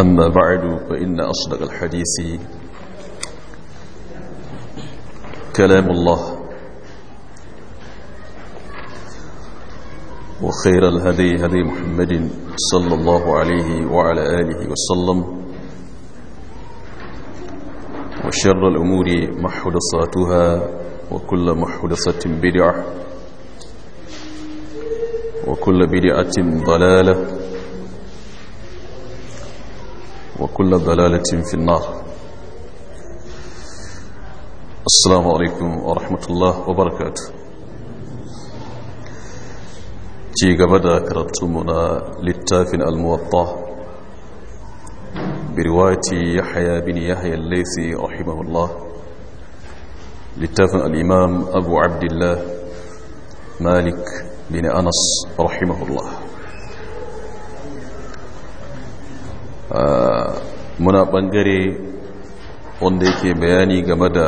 أما بعد فإن أصدق الحديث كلام الله وخير الهدي هدي محمد صلى الله عليه وعلى آله وسلم وشر الأمور محدثاتها وكل محدثة بدعة وكل بدعة ضلالة وكل ضلالة في النار السلام عليكم ورحمة الله وبركاته تي قبدا كرتمنا للتافن الموطأ برواية يحيى بن يحيى الليثي رحمه الله للتافن الإمام أبو عبد الله مالك بن أنس رحمه الله muna bangare wanda yake bayani game da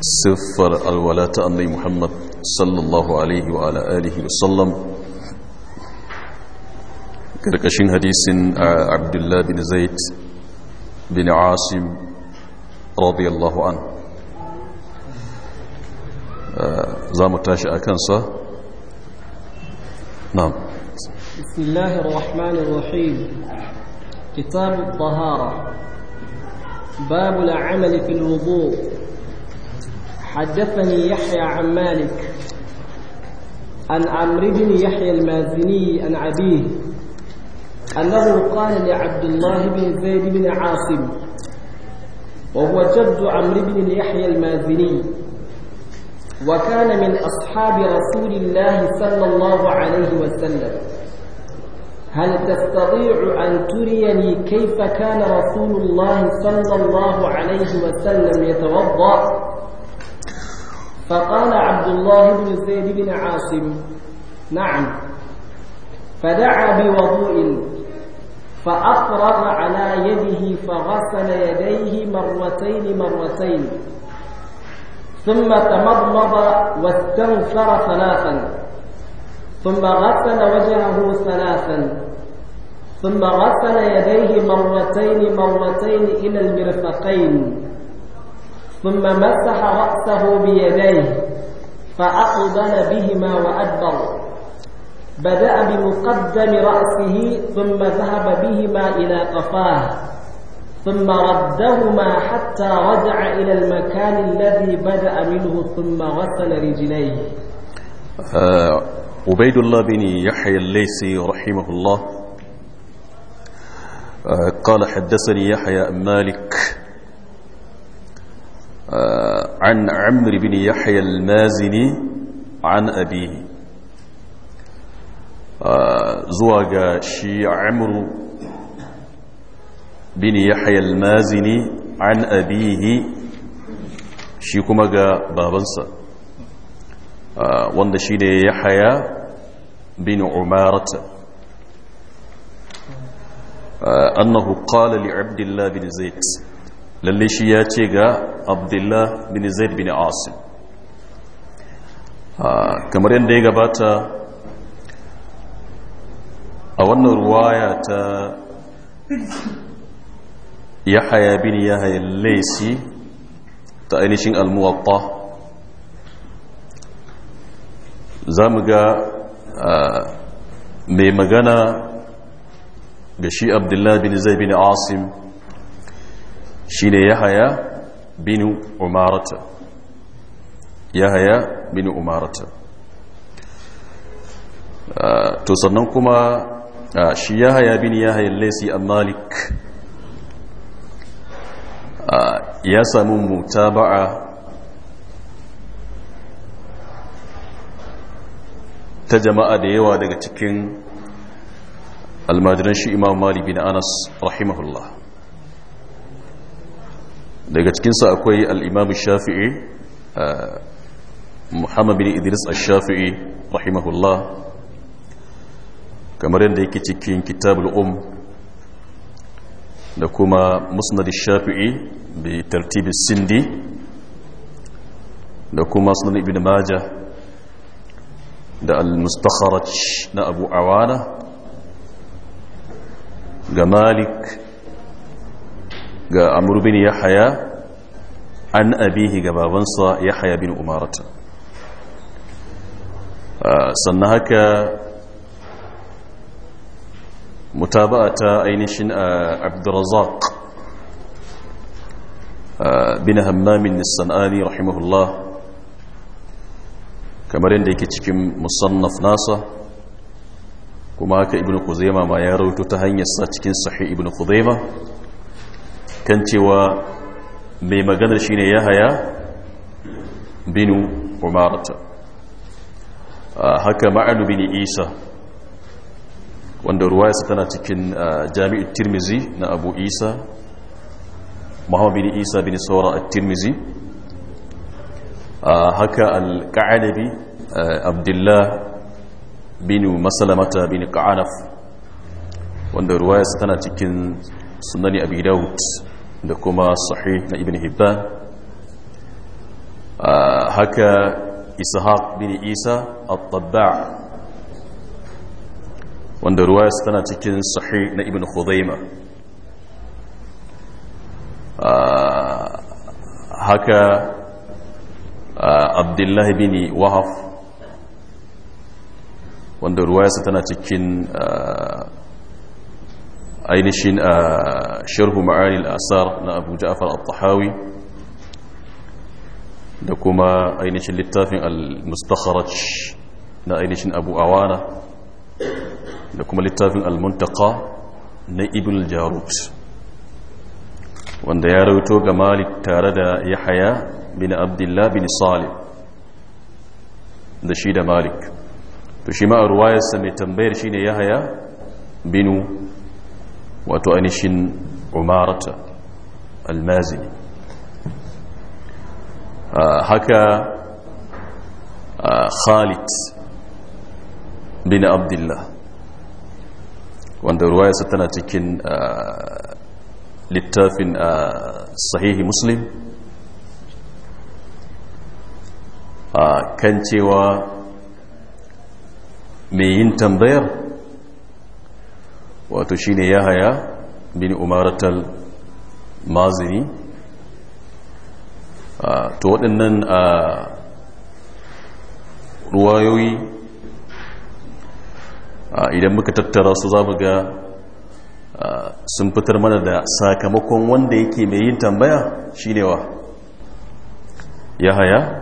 siffar alwala ta annai muhammad sallallahu alaihi wa alihi wasallam karkashin hadisin Abdullahi bin zaid bin asim radiyallahu an za mu tashi a kansa na'am بسم الله الرحمن الرحيم كتاب الطهارة باب العمل في الوضوء حدثني يحيى عن مالك عن عمرو بن يحيى المازني عن عبيه أنه قال لعبد الله بن زيد بن عاصم وهو جد عمرو بن يحيى المازني وكان من أصحاب رسول الله صلى الله عليه وسلم هل تستطيع أن تريني كيف كان رسول الله صلى الله عليه وسلم يتوضأ فقال عبد الله بن زيد بن عاصم نعم فدعا بوضوء فأقرض على يده فغسل يديه مرتين مرتين ثم تمضمض واستنفر ثلاثا ثم غسل وجهه ثلاثا ثم غسل يديه مرتين مرتين إلى المرفقين ثم مسح رأسه بيديه فأقبل بهما وأدبر بدأ بمقدم رأسه ثم ذهب بهما إلى قفاه ثم ردهما حتى رجع إلى المكان الذي بدأ منه ثم غسل رجليه آه، عبيد الله بن يحيى الليسي رحمه الله آه، قال حدثني يحيى مالك آه، عن عمرو بن يحيى المازني عن أبيه آه، زواج شي عمرو بن يحيى المازني عن أبيه شي كما بابنسا wanda shi ne ya haya bin umarat annahu qala li abdullah bin zaid lalle shi ya ce ga abdullah bin zaid bin asim kamar yadda ya gabata a wannan ruwaya ta yahaya bin yahaya laisi ta ainihin almuwatta za mu ga mai magana ga shi abdullahi bin zai bin asim shi ne ya haya bin umarata Ya haya bin umarata to sannan kuma shi ya haya bin ya haya a malik ya samu mutaba'a ta jama'a da yawa daga cikin almajiran shi imam malik bin anas rahimahullah daga cikinsa akwai al'imam shafi'i muhammad bin idris al-shafi'i rahimahullah kamar yadda yake cikin kitabul um da kuma musnad shafi'i bi tartibis sindi da kuma sunan ibn majah da al-mustakharaj na abu awana ga malik ga amur bin yahaya an abihi ga babansa yahaya bin umarata sannan haka mutaba'a ta ainihin abdurazak bin hammamin nisan'ani rahimahullah kamar yadda yake cikin musannaf nasa kuma haka ibn kuzaima ma ya rautu ta hanyarsa cikin sahi ibn kuzaima kan cewa mai maganar shine yahaya binu umarata haka ma'anu bin isa wanda ruwayarsa tana cikin jami'ar tirmizi na abu isa muhammad bin isa bin saura a tirmizi هكا الكعنبي عبد الله بن مسلمة بن كعنف wanda ruwaya tana cikin sunani abi daud da kuma sahih na ibn hibban haka ishaq bin isa at-tabba' wanda ruwaya tana cikin sahih na ibn khuzaima haka abdullahi bin wahaf wanda ruwayarsa tana cikin ainihin sharhu ma'ani al'asar na abu ja'afar al-tahawi da kuma ainihin littafin al-mustakharaj na ainihin abu awana da kuma littafin al-muntaka na ibn jarut wanda ya rauto ga malik tare da yahaya bin abdullah bin salim da shi da malik to shi ma a ruwayarsa mai tambayar shi ne ya haya binu wato ainihin umarata almazini haka khalid bin abdullah wanda ruwayarsa tana cikin littafin sahihi muslim a kan cewa mai yin tambayar wato shi ya yahaya bin umaratal mazini to waɗannan a ruwayoyi idan muka tattara su za mu ga sun fitar mana da sakamakon wanda yake mai yin tambaya shi ne wa yahaya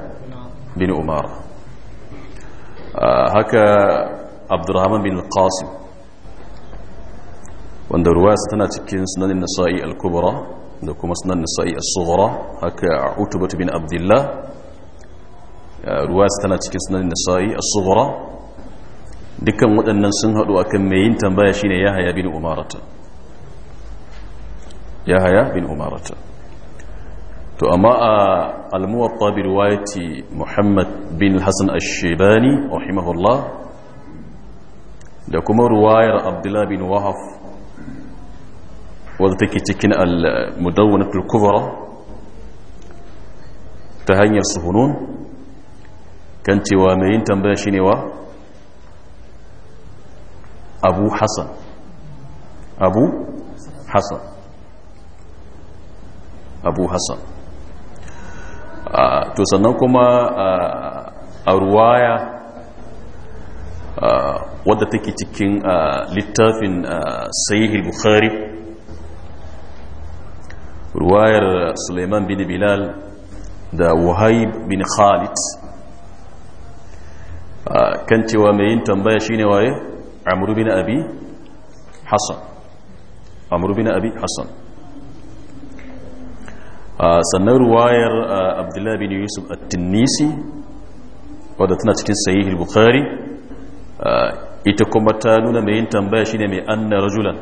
بن أمارة آه، هكا عبد الرحمن بن القاسم وند سنة تكين سنن النسائي الكبرى عندكم سنن النسائي الصغرى هكا عتبة بن عبد الله آه، رواية سنة تكين سنن النسائي الصغرى dukkan waɗannan sun haɗu a kan mai yin tambaya shine yahaya bin umarata yahaya bin umarata to amma a almuwatta bi riwayati muhammad bin hassan ashebani rahimahullah da kuma ruwayar abdullah bin wahaf wadda take cikin al-mudawwanatul kubra ta hanyar suhunun kan cewa mai yin tambaya shine wa abu hassan abu hassan abu hassan to sannan kuma a ruwaya wadda take cikin littafin sahih bukhari ruwayar suleiman bin bilal da wahayb bin khalid kan cewa mai yin tambaya shine waye amru bin abi hassan amru bin abi hassan sannan ruwayar abdullahi bin yusuf at-tinnisi wadda tana cikin sahihul bukhari ita kuma ta nuna mai yin tambaya shine mai anna rajulan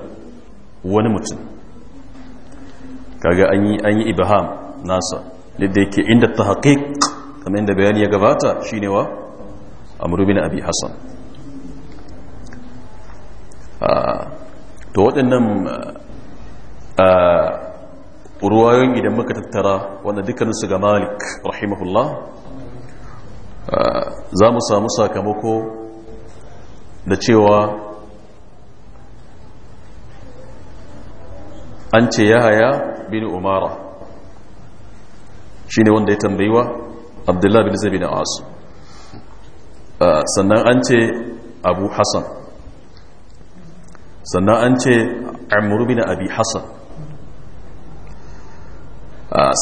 wani mutum kaga an yi ibaham nasa lidda yake inda ta haƙiƙ kamar inda bayani ya gabata shine wa amru bin abi hassan to waɗannan ruwayoyin idan muka tattara wanda dukkaninsu ga malik rahimahullah uh, za mu samu sakamako da cewa an ce ya haya bin umara shi ne wanda ya tambayiwa abdullahi bin zabi na asu uh, sannan an ce abu hassan sannan an ce amuru bin abi hassan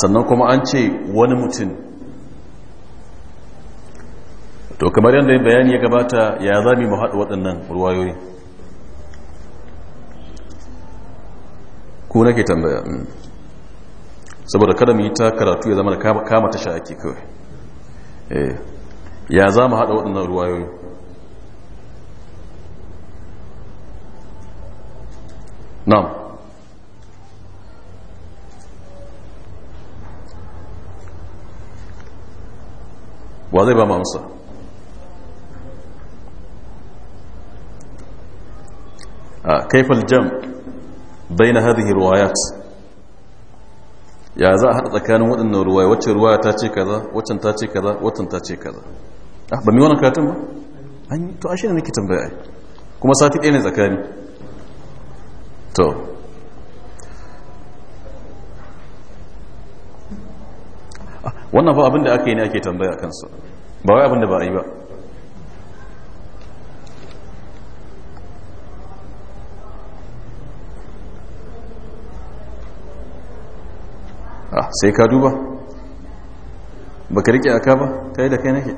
sannan kuma an ce wani mutum to kamar yadda bayani ya gabata ya za mu haɗu waɗannan ruwayoyi ku nake tambaya mm. saboda kada mu yi ta karatu ya zama da kama ta ake kawai eh, ya za mu haɗa waɗannan ruwayoyi na'am wa zai ba mu amsa jam الجمع بين هذه الروايات ya za a haɗa tsakanin waɗannan ruwaya wacce ruwaya ta ce kaza waccan ta ce kaza waccan ta ce kaza ah ba mi wani karatun ba an yi to ashe ne nake tambaya kuma sati ɗaya ne tsakani to wannan ba abinda aka yi ne ake tambaya a kansa ba wai abinda ba a yi ba ah, sai ka duba ba ka rike aka ba ta yi da kai nake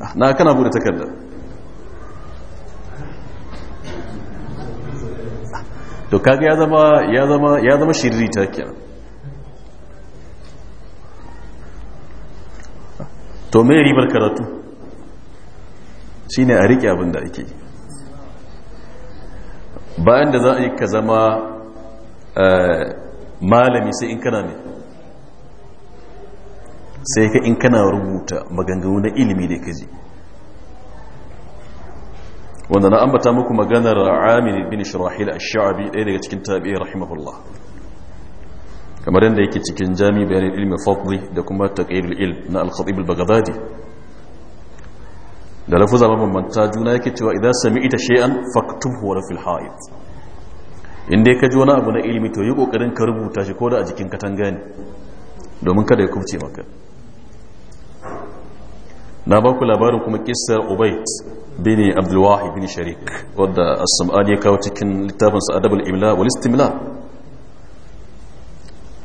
ah, na kana bude takarda to kaga ya zama ya zama ya zama shirri ta kenan to me ribar karatu shine a rike abin da ake bayan da za a yi ka zama eh, malami sai in kana ne sai ka in kana rubuta maganganu na ilimi da kaji wanda na ambata muku maganar amir bin shirahil ash-sha'bi ɗaya daga cikin tabi'i rahimahullah kamar yadda yake cikin jami bayanin ilmi fadli da kuma taqayyul ilm na al-khatib al-baghdadi da lafuza bambanta juna yake cewa idan sami'ta shay'an faktubhu wa fil ha'id inda ka ji wani abu na ilimi to yi kokarin ka rubuta shi ko da a jikin katanga ne domin kada ya kubce maka na ba ku labarin kuma kissar ubayt bin abdulwahi bin sharik wadda as-sam'ani ya kawo cikin littafinsa adabul imla wal istimla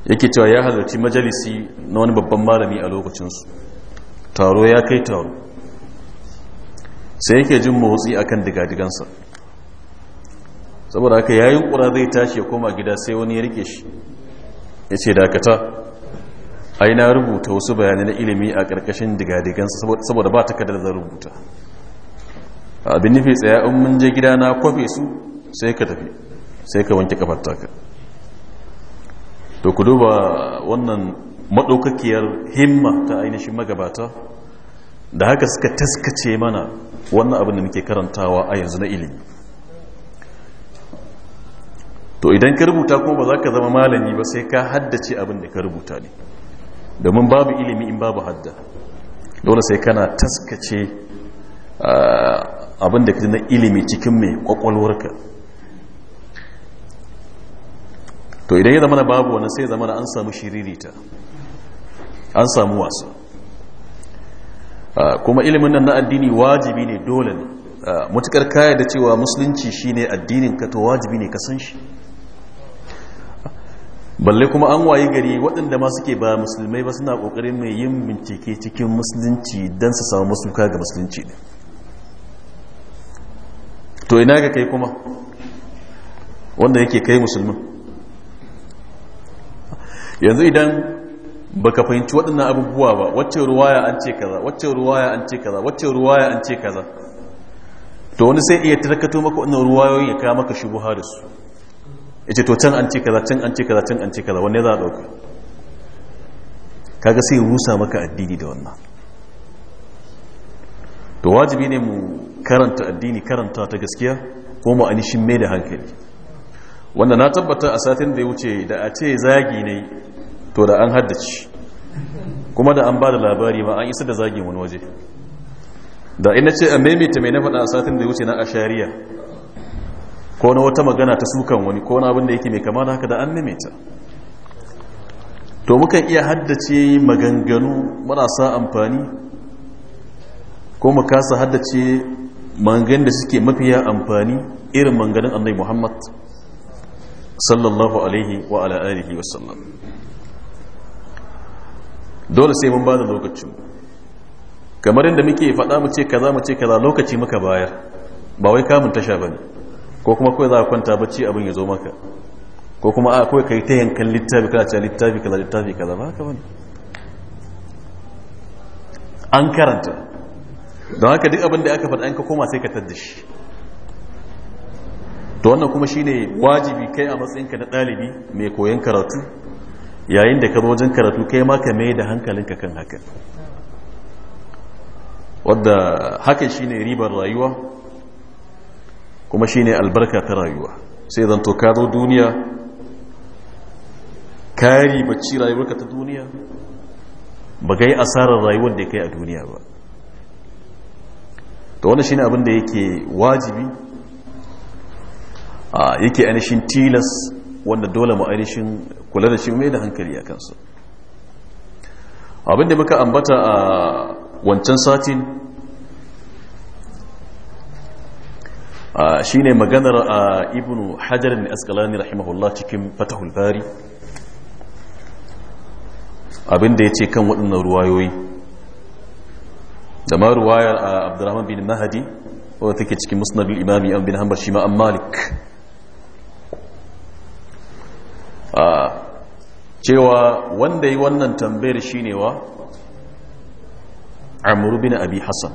yake cewa ya halarci majalisi na wani babban malami a lokacinsu taro ya kai taro sai yake jin motsi akan digadigansa saboda haka yayin kura zai tashi ya koma gida sai wani ya rike shi ya ce dakata aina rubuta wasu bayanai na ilimi a ƙarƙashin digadigansa saboda ba takardar zan rubuta abin nufi tsaya in mun je gida na kwafe su sai ka tafi sai ka wanke kafar taka to ku duba wannan maɗaukakiyar himma ta ainihin magabata da haka suka taskace mana wannan abin da muke karantawa a yanzu na ilimi to idan ka rubuta ko ba za ka zama malami ba sai ka haddace abin da ka rubuta ne domin babu ilimi in babu hadda dole sai kana taskace ah, abin da ka na ilimi cikin mai kwakwalwarka to idan ya na babu wani sai zama na an samu shiririta an samu wasu ah, kuma ilimin nan na addini wajibi ne dole ne ah, mutukar kaya da cewa musulunci shine addinin ka to wajibi ne ka san shi balle kuma an wayi gari waɗanda ma suke ba musulmai ba suna ƙoƙarin mai yin bincike cikin musulunci don su samu masuka ga musulunci ne to ina ga kai kuma wanda yake kai musulmin yanzu idan baka fahimci waɗannan abubuwa ba wacce ruwaya an ce kaza wacce ruwaya an ce kaza wacce ruwaya an ce kaza to wani sai iya tarkato maka wannan ruwayoyin ya kawo maka shi buhari su yace to can an ce kaza can an ce kaza can an ce kaza wanne za a dauka kaga sai rusa maka addini da wannan to wajibi ne mu karanta addini karanta ta gaskiya ko mu anishin mai da hankali wanda na tabbata a satin da ya wuce da a ce zagi ne to da an haddace kuma da an ba da labari ma an isa da zagin wani waje da ina ce a maimaita mai na faɗa a satin da ya wuce na ashariya ko na wata magana ta sukan wani ko na abin da yake mai kama da haka da an maimaita to mukan iya haddace maganganu marasa amfani ko mu kasa haddace maganganun da suke mafiya amfani irin maganganun annabi muhammad sallallahu alaihi wa ala alihi wa sallam dole sai mun bada lokacin kamar yadda muke faɗa mu ce kaza mu ce kaza lokaci muka bayar ba wai kamun tasha bane ko kuma kawai za ka kwanta bacci abin ya zo maka ko kuma a kawai kai ta yankan littafi kana cewa littafi kaza littafi kaza ba haka bane an karanta don haka duk abin da aka faɗa an ka koma sai ka tadda shi to wannan kuma shine wajibi kai a matsayinka na ɗalibi mai koyon karatu yayin da ka zo wajen karatu kai ma ka mai da hankalinka kan hakan wadda hakan shine ribar rayuwa kuma shine albarka ta rayuwa sai zanto ka zo duniya kari bacci rayuwarka ta duniya ba ga yi asarar rayuwar da ya kai a duniya ba to wannan shine abin da yake wajibi yake ainihin tilas wanda dole mu ainihin kula da shi mai da hankali a kansu abinda muka ambata a wancan satin shi ne maganar a ibn hajar ne askalani rahimahullah cikin fatahul bari abinda ya ce kan waɗannan ruwayoyi da ma ruwayar a abdurrahman bin mahadi wadda take cikin musnadul imami Abin bin hambar shi malik cewa wanda yi wannan tambayar shine wa amur bin abi hassan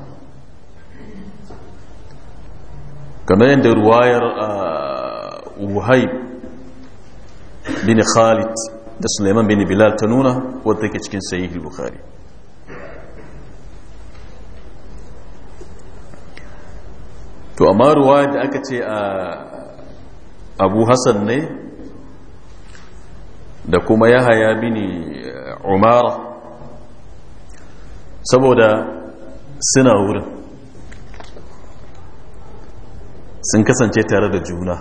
kamar yadda ruwayar wuhaib bin khalid da suleiman bin bilal ta nuna wadda ke cikin sayi bukhari to amma ruwayar da aka ce a abu hassan ne da kuma yahaya bini eh, umara saboda suna wurin sun kasance tare da juna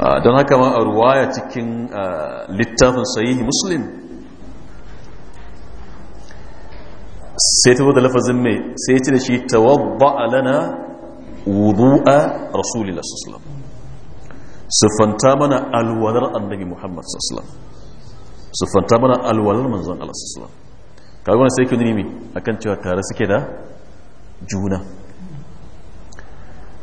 ah, don haka ma a ruwaya cikin eh, littafin sahihi muslim sai ta da lafazin mai sai ce da shi tawadda lana a rasulullah sallallahu siffanta mana alwalar annabi muhammad sallallahu siffanta mana alwalar manzon allah sallallahu kaga wani sai kuni ne akan cewa tare suke da juna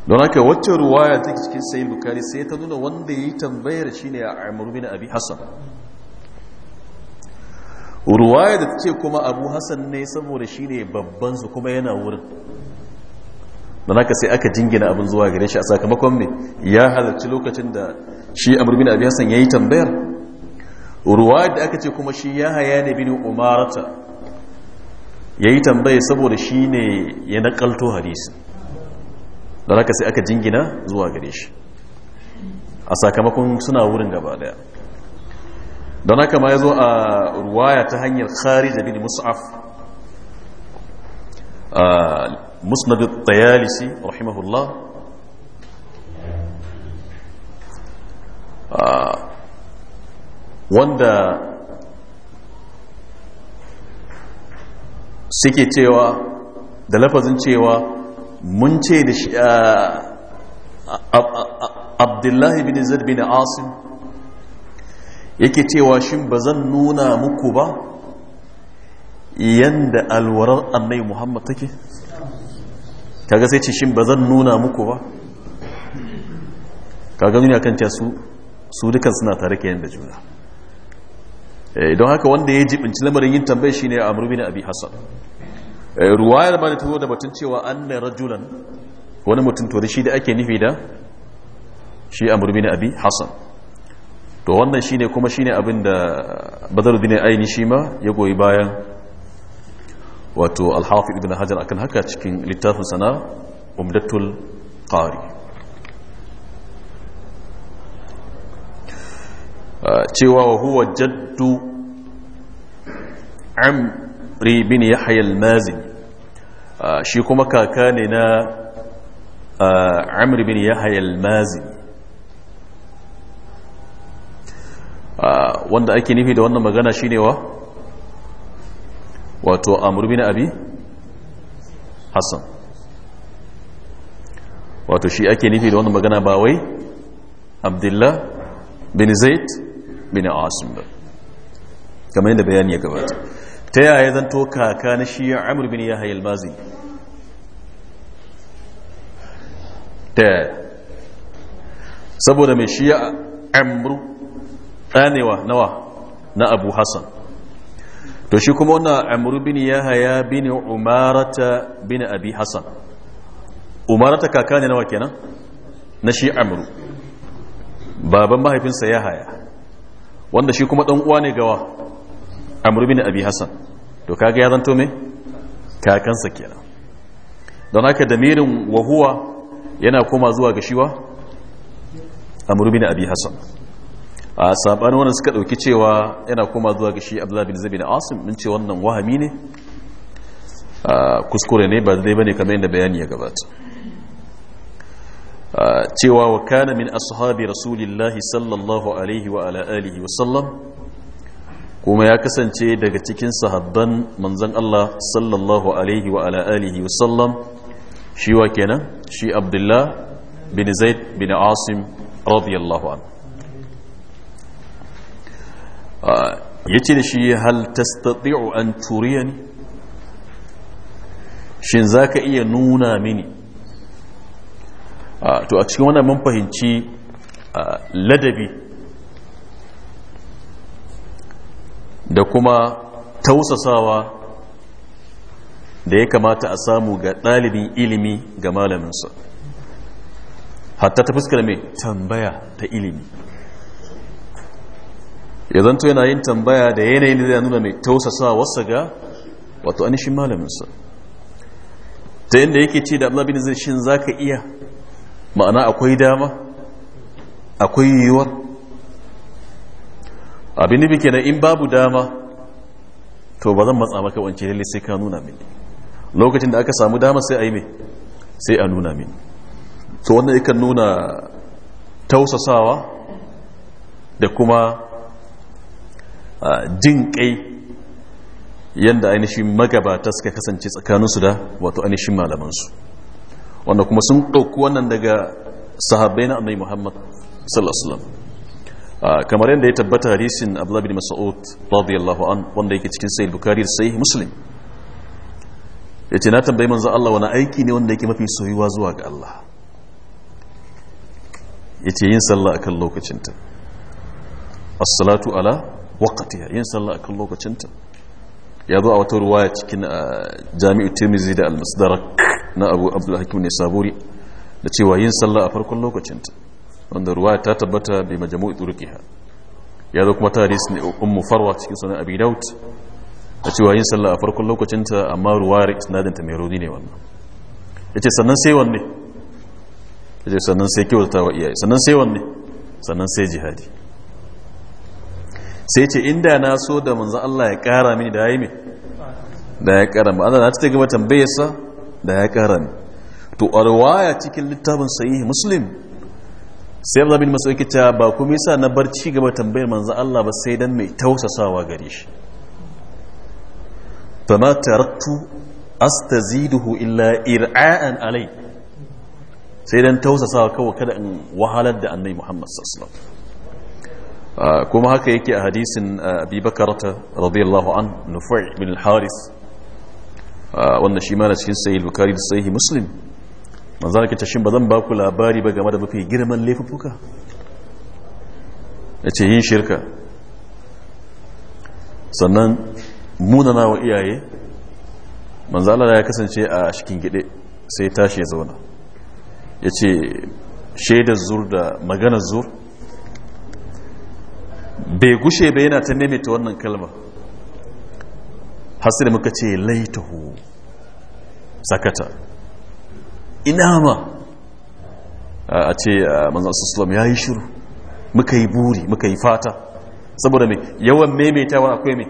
don haka wacce ruwaya ta cikin sayi bukari sai ta nuna wanda ya yi tambayar shi ne a amur bin abi hassan ruwaya da ta ce kuma abu hassan ne saboda shi ne babbansu kuma yana wurin don haka sai aka jingina abin zuwa gare shi a sakamakon mai ya halarci lokacin da shi amur bin hassan ya yi tambayar ruwa da aka ce kuma shi ya haya ne bin umarata ya yi tambaya saboda shi ne ya nakalto hadisi don haka sai aka jingina zuwa gare shi a sakamakon suna wurin gaba daya don haka ma ya zo a ruwaya ta hanyar kharija bin mus'af musnad at-tayalisi rahimahullah uh, wanda suke cewa da lafazin cewa mun ce da shi uh, abdullahi bin zaid bin asim yake cewa shin ba zan nuna muku ba yanda alwarar annai muhammad take kaga sai ce shi ba zan nuna muku ba kaga nuna kan ce su su dukan suna tare kenan da juna eh, don haka wanda ya jibinci lamarin yin tambayi shine amru bin abi Hassan. Eh, ruwayar ma da ta zo da batun cewa na rajulan wani mutum to da shi da ake nufi da shi amru bin abi Hassan. to wannan shi ne kuma shi ne abin da badar dine aini shi ma ya goyi bayan wato alhafi ibn hajar akan haka cikin littafin sana umdatul qari ah, cewa wa huwa jaddu amri bin yahya al-mazin ah, shi kuma kaka ne na ah, amri bin yahya al-mazin wanda ake nufi da wannan magana shine wa wato amur bin abi hassan wato shi ake nufi da wannan magana ba wai abdullah bin zaid bin asim ba kamar yadda bayani ya gabata ta yaya zan to kaka na shi amur bin ya hayal bazi ta yaya saboda mai shi ya amur ɗanewa nawa na abu hassan to shi kuma wannan amru bin yahaya bin umarata bin abi hasan umarata kaka ne nawa kenan na shi amru baban mahaifinsa yahaya wanda shi kuma dan uwa ne gawa amru bin abi hasan to kaga ya zanto me kakansa kenan don haka damirin wahuwa yana koma zuwa ga shiwa amru bin abi hasan a sabanin wannan suka dauki cewa yana koma zuwa ga shi abdullahi bin zabi na asim mun ce wannan wahami ne kuskure ne ba zai bane kamar yadda bayani ya gabata cewa wa kana min ashabi rasulillahi sallallahu alaihi wa ala alihi wa sallam kuma ya kasance daga cikin sahabban manzon Allah sallallahu alaihi wa ala alihi wa sallam shi wa kenan shi abdullahi bin zaid bin asim radiyallahu anhu ya ce da shi hal tastati'u an turiya ni shin za ka iya nuna mini to a cikin wannan mun fahimci ladabi da kuma tausasawa da ya kamata a samu ga ɗalibin ilimi ga malaminsa hatta ta fuskar mai tambaya ta ilimi ya zanto yana yin tambaya da yanayin da zai nuna mai tausasa wasa ga wato anishin malaminsa ta yadda yake ce da Allah bin zai shin za ka iya ma'ana akwai dama akwai yiwuwar abin nufi kenan in babu dama to ba zan matsa maka wance lalle sai ka nuna mini lokacin da aka samu dama sai a yi mai sai a nuna mini to wannan yakan nuna tausasawa da kuma jin kai yadda ainihin magabata suka kasance tsakaninsu da wato ainihin malamansu wanda kuma sun ɗauki wannan daga sahabbai na annai muhammad sallallahu alaihi kamar yadda ya tabbata hadisin abdullahi bin mas'ud radiyallahu an wanda yake cikin sahih bukari da sahih muslim yace na tambayi manzo Allah wani aiki ne wanda yake mafi soyuwa zuwa ga Allah yace yin sallah akan lokacinta as ala waqtiha yin sallah akan lokacinta ya zo a wata ruwaya cikin ah, jami'u tirmizi da al-musdarak na abu abdul hakim ne saburi da cewa yin sallah a farkon lokacinta wanda ruwaya ta tabbata bi majmu'i turqiha ya zo kuma ta hadisi ne ummu farwa cikin sunan abi daud da cewa yin sallah a farkon lokacinta amma ruwayar isnadin ta mai rauni ne wannan yace sannan sai wanne yace sannan sai kyautata wa iyaye sannan sai wanne sannan sai jihadi sai ce inda na so da manzo Allah ya kara mini da yayi me da ya kara mu Allah ta gaba tambayarsa da ya kara ni to a cikin littafin sahih muslim sai Abdullah bin Mas'ud ta ba kuma yasa na bar ci gaba tambayar manzo Allah ba sai dan mai tausasawa gare shi fama taraktu astaziduhu illa ir'a'an alai sai dan tausasawa kawai kada in wahalar da annabi Muhammad sallallahu alaihi wasallam kuma haka yake a hadisin abi bakarata radiyallahu an nufai bin haris wannan shi mana cikin sayi bukari da sayi muslim manzana ke tashin ba zan ba ku labari ba game da mafi girman laifuka ya ce yin shirka sannan munana wa iyaye manzana ya kasance a cikin gide sai tashi ya zauna ya ce shaidar zur da maganar zur bai gushe bai yana ta nemeta wannan kalma da muka ce laitahu sakata ina ma a ce manzan sussulam ya yi shiru muka yi buri muka yi fata saboda mai yawan maimaitawa akwai mai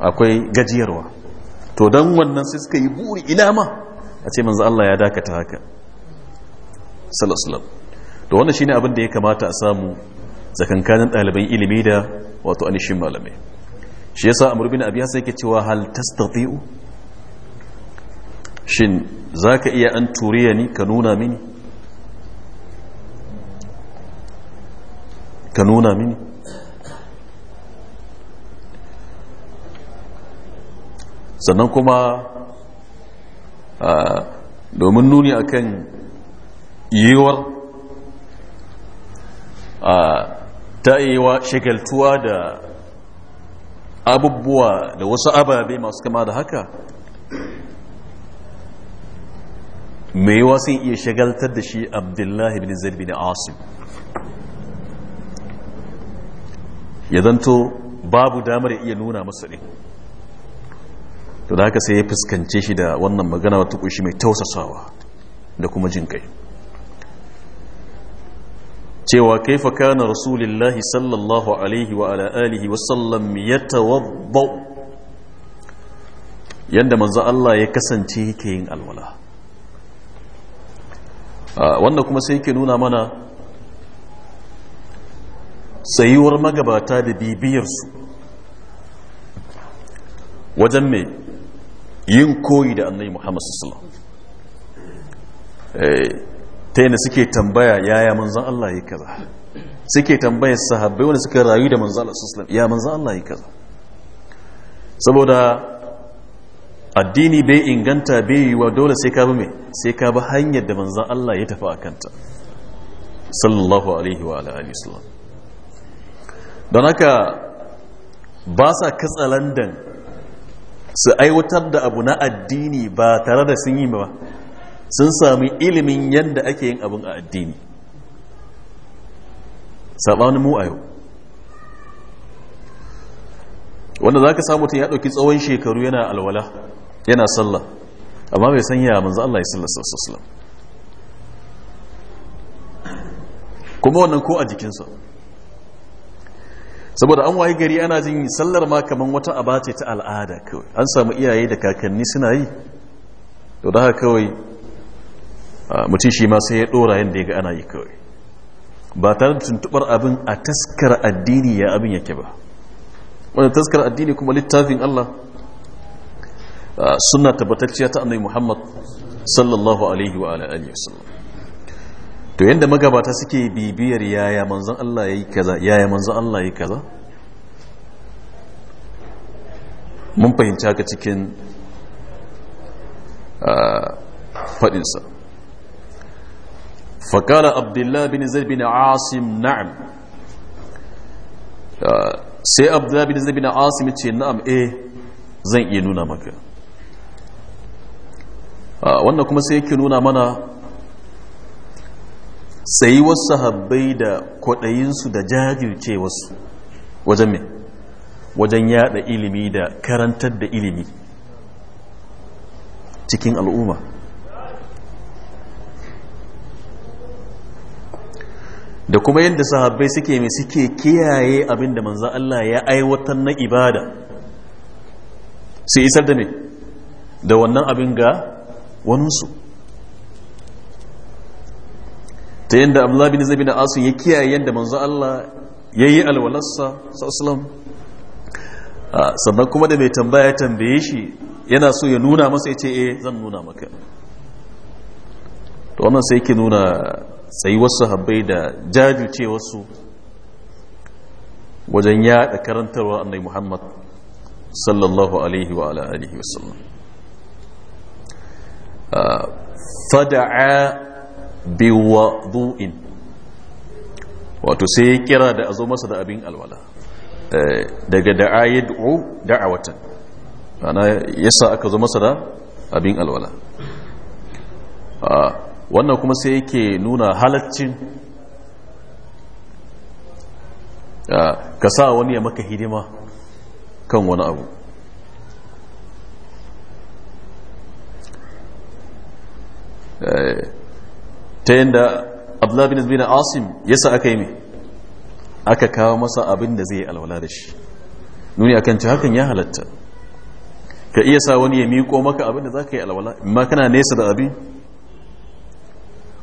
akwai gajiyarwa to don wannan sai suka yi buri ina ma a ce manzan Allah ya dakata haka salasulam to wannan shine abin da ya kamata a samu tsakankanin ɗaliban ilimi da wato anishin malamai shi yasa amur bin abi hasan yake cewa hal tastati'u shin zaka iya an turiya ni ka nuna mini ka nuna mini sannan kuma ah, domin nuni akan yiwuwar a ah, ta yi wa shagaltuwa da abubuwa da wasu ababe masu kama da haka mai yawa sun iya shagaltar da shi abdullahi bin zaid bin asim ya zanto babu damar iya nuna masa ne to da haka sai ya fuskance shi da wannan magana wata kushi mai tausasawa da kuma jin kai cewa kaifa kana rasulillahi sallallahu alaihi wa ala alihi wa sallam yatawadda yanda manzo Allah ya kasance yake yin alwala wannan kuma sai yake nuna mana tsayuwar magabata da bibiyarsu wajen mai yin koyi da annai muhammad sallallahu ta yana suke tambaya yaya manzan Allah ya kaza suke tambayar sahabbai wanda suka rayu da manzan Allah sallallahu ya manzan Allah ya kaza saboda addini bai inganta bai yi wa dole sai ka bi mai sai ka bi hanyar da manzan Allah ya tafi a kanta sallallahu alaihi wa alihi sallam don haka ba sa katsa su aiwatar da abu na addini ba tare da sun yi ba sun sami ilimin yadda ake yin abin a addini saɓanin mu a yau wanda za ka samu ta ya ɗauki tsawon shekaru yana alwala yana sallah amma bai san ya manzo Allah ya kuma wannan ko a jikinsa saboda an wayi gari ana jin sallar ma kamar wata abace ta al'ada kawai an samu iyaye da kakanni suna yi to da haka kawai Ah, mutum shi ma sai ya dora yadda ya ga ana yi kawai ba tare da tuntubar abin a taskar addini ya abin yake ba wanda taskar addini kuma littafin Allah ah, suna tabbatacciya ta annabi Muhammad sallallahu alaihi wa alihi wasallam to yanda magabata suke bibiyar yaya manzon Allah yayi kaza yaya manzon Allah yayi kaza mun fahimci haka cikin ah, faɗinsa فقال عبد الله بن زيد بن عاصم نعم sai abdullahi bin zabi na asim ce na'am eh zan iya nuna maka wannan kuma sai yake nuna mana sayi wasu habbai da kwaɗayinsu da jajirce wasu wajen me wajen yada ilimi da karantar da ilimi cikin al'umma da kuma yadda sahabbai suke mai suke kiyaye abin da manzan Allah ya aiwatar na ibada su isar da me da wannan abin ga waninsu ta yadda abdullahi bin zabi na asu ya kiyaye yadda manzan Allah ya yi alwalarsa sa'usulam sannan kuma da mai tambaya tambaye shi yana so ya nuna masa ya ce eh zan nuna maka to wannan sai ke nuna Sai wasu sahabbai da jajuce wasu wajen yaɗa karantarwa annai muhammad sallallahu alaihi wa alihi wasallam ah, fada'a biwadu'in wato sai ya kira da a zo masa da abin alwala eh, daga da'a ya du'u da'awatan ana yasa aka zo masa da abin alwala ah, wannan kuma sai yake nuna halaccin ka sa wani ya maka hidima kan wani abu eh, ta yadda abdullahi bin bin asim sa aka yi mai aka kawo masa abin da zai alwala da shi nuni akan ci hakan ya halatta ka iya sa wani ya miko maka abin da za ka yi alwala ma kana nesa da abin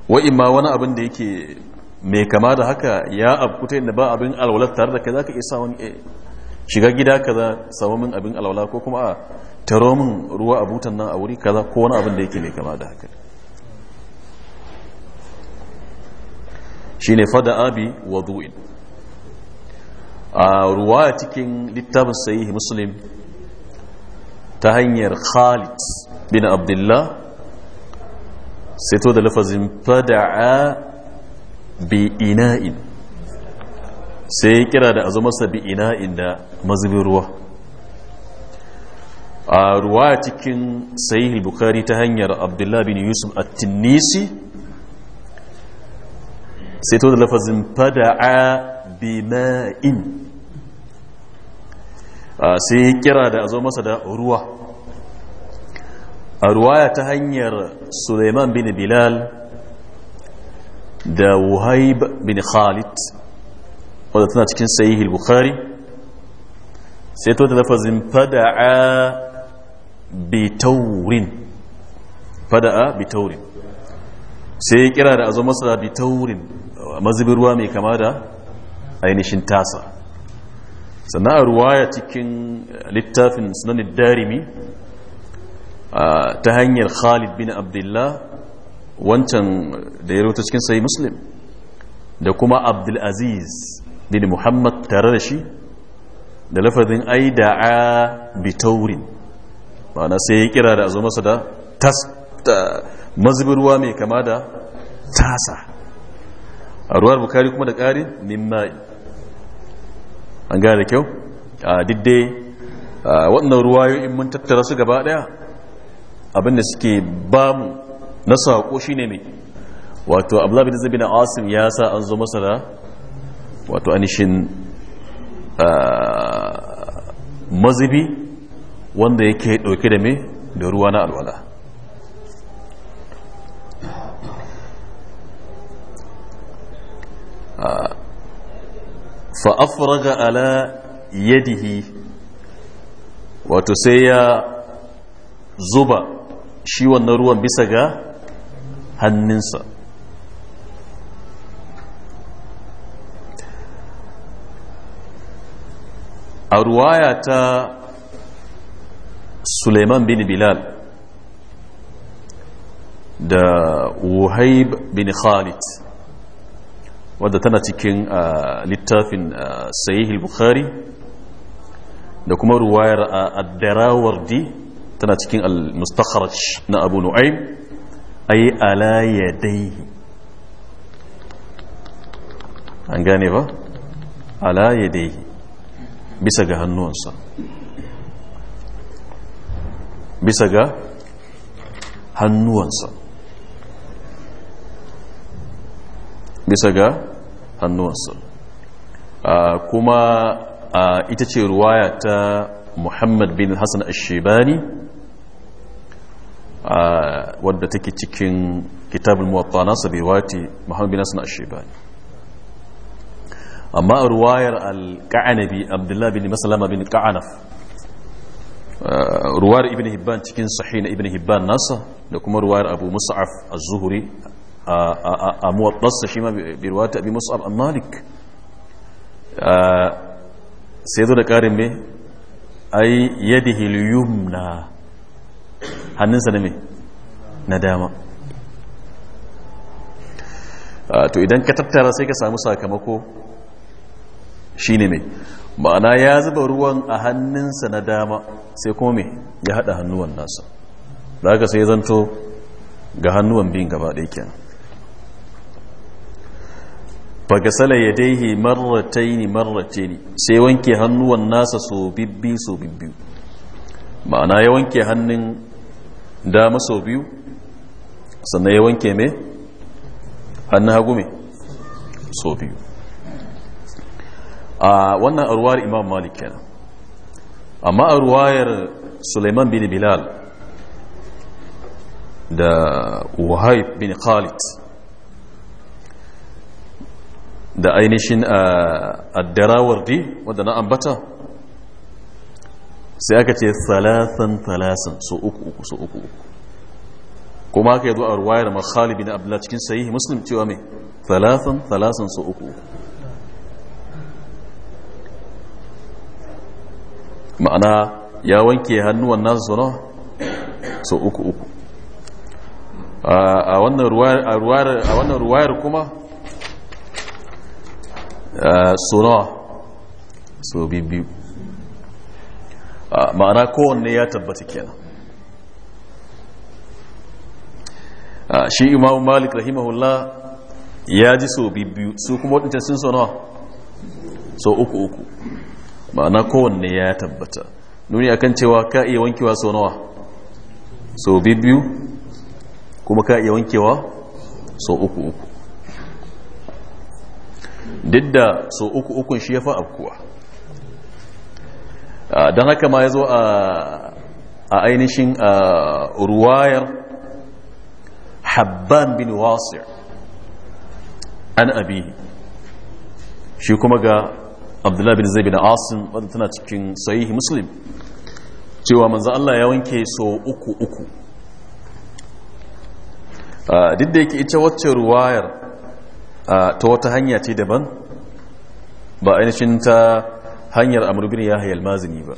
wa imma wani abin da yake mai kama da haka ya abu ta inda ba abin alwala tare da za ka iya sa wani eh, shiga gida kaza samu min abin alwala ko kuma a taro min ruwa a butan nan a wuri kaza ko wani abin da yake mai kama da haka shine fada abi wadu'in a ruwa cikin littafin sahihi muslim ta hanyar khalid bin abdullah sai to da lafazin fada'a bi ina'in sai ya kira da a masa bi ina'in da mazubin ruwa a ruwa cikin sahih bukari ta hanyar abdullahi bin yusuf a tinnisi sai to da lafazin fada'a bi ma'in sai ya kira da a masa da ruwa a ruwaya ta hanyar suleiman bin bilal da wuhaib bin khalid wadda tana cikin sayihil bukhari sai to ta lafazin fada'a bitaurin fada'a bitaurin sai ya kira da azo masa da bitaurin mazubin ruwa mai kama da ainihin tasa sannan a ruwaya cikin littafin sunanin darimi ta hanyar khalid bin abdullah wancan da ya rota cikin sai muslim da kuma abdulaziz bin muhammad tare da shi da lafazin ai da'a bitaurin ma'ana sai ya kira da a zo masa da mazubin mai kama da tasa a ruwar bukari kuma da ƙari mimma an gane da kyau a diddai waɗannan ruwayoyin mun tattara su gaba ɗaya Abin da suke bamu na saƙo shine mai wato abdullahi da zabi na asim ya sa an zo masa da wato anishin mazibi wanda yake ɗauke da mai da ruwa na alwala fa'afraga ala yadihi wato sai ya zuba shi wannan ruwan bisa ga hannunsa a ruwaya ta suleiman bin bilal da wuhaib bin khalid wadda tana cikin littafin sayihil bukhari da kuma ruwayar darawar di tana cikin al-mustakharaj na abu nu'aym ay ala yadayhi an gane ba ala yadayhi bisa ga hannuwansa bisa ga hannuwansa bisa ga hannuwansa kuma ita ce ruwaya ta muhammad bin hassan ashebani wadda take cikin kitabul muwatta nasa muhammad bin hasan ashebani amma a ruwayar al-ka'anabi abdullah bin maslama bin ka'anaf ruwayar ibn hibban cikin sahi na ibn hibban nasa da kuma ruwayar abu musa'af az-zuhri a muwattasa shi ma bi ruwata abi musa'af al-malik sai zo da karin me ai yadihi al-yumna hannunsa na mai na dama ah, to idan ka tattara sai ka samu sakamako shi ne mai ma'ana ya zuba ruwan a hannunsa na dama sai kuma mai ya haɗa hannuwan nasa da haka sai zanto ga hannuwan biyun gaba ɗaya baga sala ya daihi marrataini marrataini sai wanke hannuwan nasa so bibbi so bibbi ma'ana ya wanke hannun dama sau biyu sannan ya wanke mai hannu hagu mai sau biyu a wannan a imam malik kenan amma arwayar suleiman bin bilal da wahayb bin khalid da ainihin eh, darawar di wadda na ambata sai aka ce salasan talasan so uku uku so uku uku kuma aka yi zuwa ruwayar makhali na abdullah cikin sahihi muslim cewa mai salasan talasan so uku uku ma'ana ya wanke hannuwan nasu no so uku uku a wannan ruwayar kuma so nawa so biyu ma'ana kowanne ya tabbata kenan shi imamu malik rahimahullah ya ji so biyu su kuma waɗanda sun so nawa so uku uku ma'ana kowanne ya tabbata nuni akan cewa ka iya wankewa so nawa so biyu kuma ka iya wankewa so uku uku duk da so uku ukun shi ya fa Ah, don haka ma ya zo a ainihin ah, ruwayar habban bin wasir an abihi shi kuma ga abdullahi bin zai bin asin wadda tana cikin sahihi muslim cewa manzo Allah ya wanke so uku uku ah, duk da yake ita wacce ruwayar ta wata hanya ce daban ba ainihin ta hanyar amurbin ya hayal mazini ba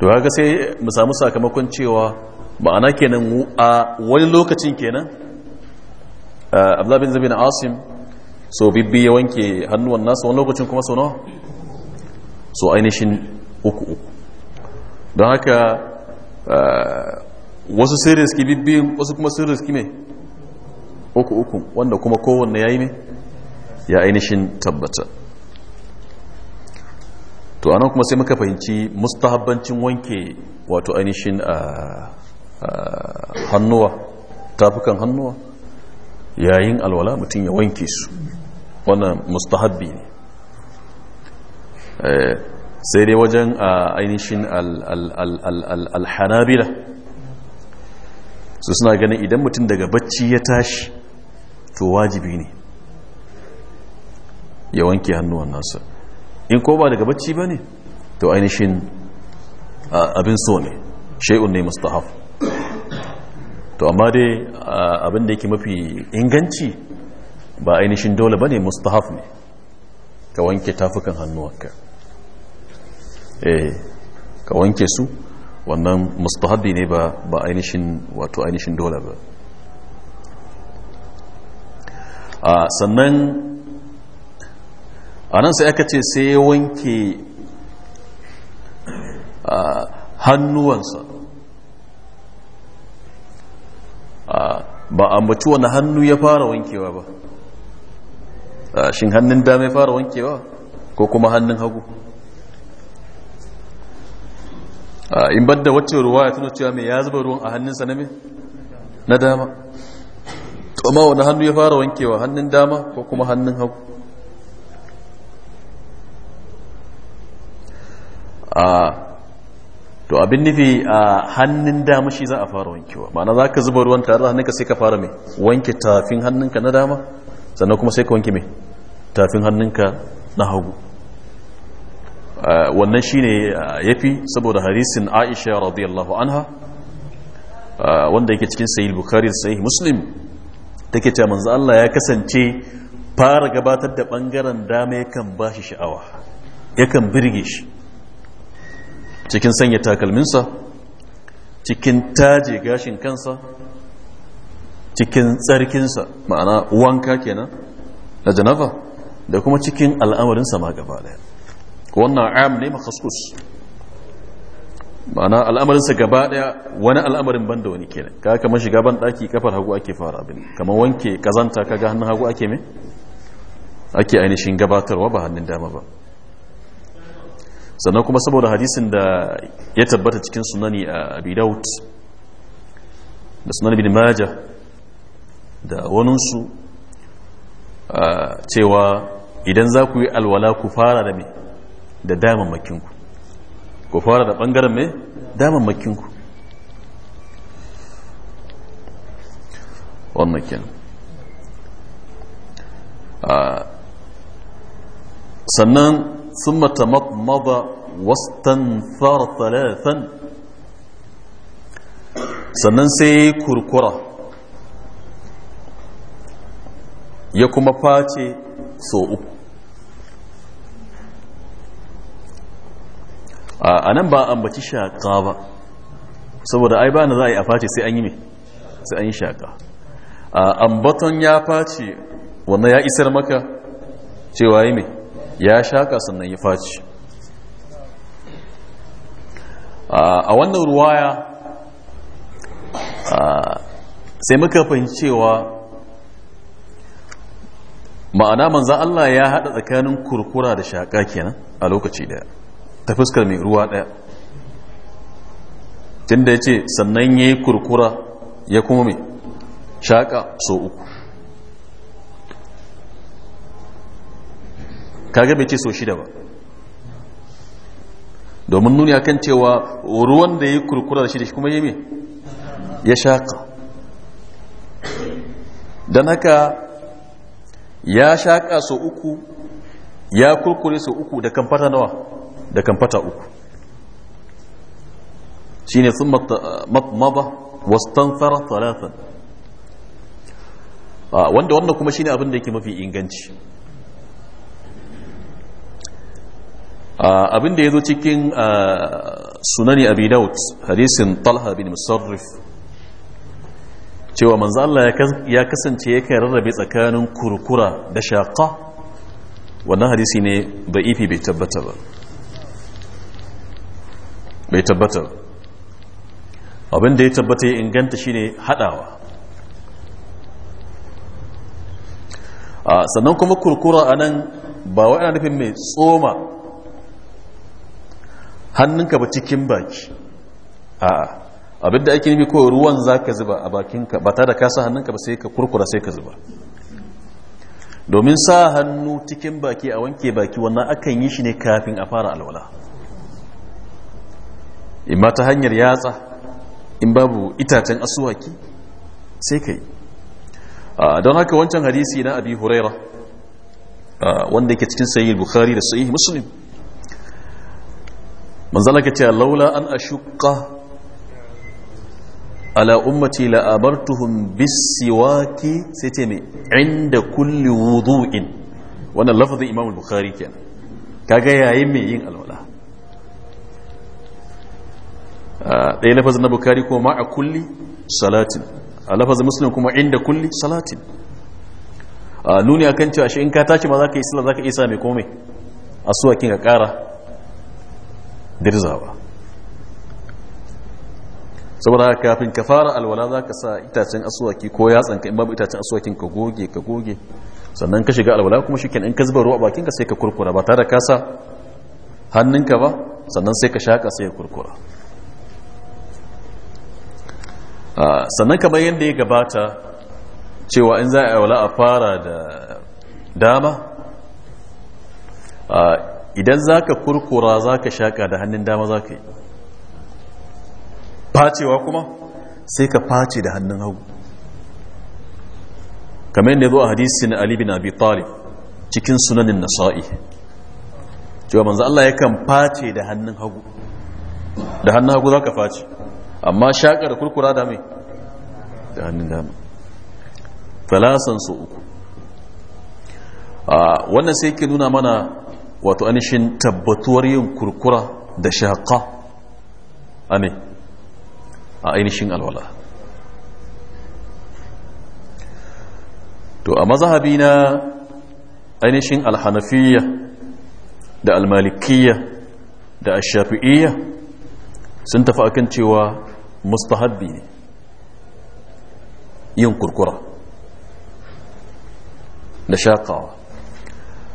to haka sai mu samu sakamakon cewa ma'ana kenan a wani lokacin kenan abdullahi zabin asim so bibbi ya wanke hannuwan nasu wani lokacin kuma sau nawa so ainihin uku uku don haka wasu sun suke bibbi wasu kuma sun suke mai uku uku wanda kuma kowanne ya yi mai ya ainihin tabbata to anan kuma sai muka fahimci mustahabbancin wanke wato ainihin ah, ah, hannuwa tafukan hannuwa yayin alwala mutum ya wanke su wannan mustahabbi ne eh, sai dai wajen ah, ainihin alhanabila su suna ganin idan mutum daga bacci ya tashi to wajibi ne ya wanke hannuwan nasa in ko ba daga bacci ba ne to ainihin abin so ne shai'un ne mustahaf to amma dai abin da yake mafi inganci ba ainihin dole ba ne mustahaf ne ka wanke tafukan hannuwanka eh ka wanke su wannan mustahabi ne ba ba ainihin wato ainihin dole ba sannan a nan sai aka ce sai ya wanke hannuwansa ba a mace wani hannu ya fara wankewa ba shin hannun dama ya fara wankewa ko kuma hannun hagu in badda wacce ruwa ya tuno cewa mai ya zuba ruwan a hannunsa na na dama amma wani hannu ya fara wankewa hannun dama ko kuma hannun hagu to abin nufi a hannun dama shi za a fara wankewa ma'ana za ka zuba ruwan tare da hannunka sai ka fara mai wanke tafin hannunka na dama sannan kuma sai ka wanke mai tafin hannunka na hagu wannan shi ne ya fi saboda harisun aisha radiyallahu anha wanda yake cikin sayi bukari da sayi muslim take ce manzu Allah ya kasance fara gabatar da bangaren dama yakan ba shi sha'awa yakan birge shi cikin sanya takalminsa cikin taje gashin kansa cikin tsarkinsa ma'ana wanka kenan na janaba da kuma cikin al'amarinsa ma gaba daya wannan am ne makaskus ma'ana al'amarinsa gaba daya wani al'amarin ban da wani kenan ka kama shiga ban daki kafar hagu ake fara abin kamar wanke kazanta kaga hannun hagu ake me ake ainihin gabatarwa ba hannun dama ba sannan kuma saboda hadisin da ya tabbata cikin sunani a eh, abidaut da sunan bin maja da waninsu eh, cewa idan za ku yi alwala ku fara da mai da damammakinku ku fara da bangaren me damammakinku wannan kyan eh, sannan ثم تمضمض واستنثر ثلاثا sannan sai kurkura ya kuma face so uku a nan ba ambaci shaƙa ba saboda ai ba na yi a face sai an yi mai sai ambaton ya face ya isar maka cewa yi mai ya shaka sannan ya faci a wannan ruwaya sai muka fahimcewa ma'ana manzan Allah ya haɗa tsakanin kurkura da shaƙa kenan a lokaci ɗaya ta fuskar mai ruwa ɗaya tun da ya ce sannan ya yi kurkura ya kuma mai shaƙa sau uku kaga bai ce so shida ba domin nuni akan cewa ruwan da ya kurkura da shi da shi kuma ya mai ya shaƙa don haka ya shaƙa so uku ya kurkure so uku da kamfata nawa da kamfata uku shi ne sun matmaba wastanfara talatan ah, wanda wannan kuma shi ne abin da yake mafi inganci abin da ya zo cikin sunani abi daud hadisin talha bin musarrif cewa manzo Allah ya kasance ya rarrabe tsakanin kurkura da shaqa wannan hadisi ne da ifi bai tabbata ba bai tabbata abin da ya tabbata ya inganta shine hadawa sannan kuma kurkura anan ba wai ana nufin mai tsoma hannunka ba cikin baki a'a abinda ake nufi ko ruwan za ka zuba a bakinka ba tare da ka hannunka ba sai ka kurkura sai ka zuba domin sa hannu cikin baki a wanke baki wannan akan yi shi ne kafin a fara alwala imma ta hanyar yatsa in babu itacen asuwaki sai ka yi don haka wancan hadisi na abi huraira wanda yake cikin sayi bukhari da sayi muslim manzala ka ce laula an ashuqqa ala ummati la amartuhum bisiwaki sai ce mai inda kulli wudu'in wannan lafazin imam bukhari kenan kaga yayin mai yin alwala ɗaya lafazin na bukhari ko ma'a kulli salatin a lafazin muslim kuma inda kulli salatin nuni akan cewa shi in ka tashi ma za ka yi sila za ka isa mai komai a suwakin ka kara. dirzawa saboda haka kafin ka fara alwala za ka sa itacen asuwaki ko yatsan ka in babu itacen asuwakin ka goge ka goge sannan ka shiga alwala kuma shiken in ka zuba ruwa bakin ka sai ka kurkura ba tare da ka sa hannunka ba sannan sai ka shaka sai ka kurkura ah, sannan ka kamar yadda ya gabata cewa in za a yi alwala a fara da dama ah, idan za ka kurkura za ka shaƙa da hannun dama za ka yi facewa kuma sai ka face da hannun hagu kamar yadda zo a hadisi na ali bin abi talib cikin sunanin nasa'i cewa manzo Allah yakan face da hannun hagu da hannun hagu za ka face amma shaƙa da kurkura da mai da hannun dama falasan su uku wannan sai ke nuna mana wato anishin tabbatuwar yin kurkura da shaƙa a ne a ainihin alwala to a mazahabi na ainihin alhanafiya da almalikiya da ashafi'iyya sun tafi akan cewa mustahabbi ne yin kurkura da shaƙawa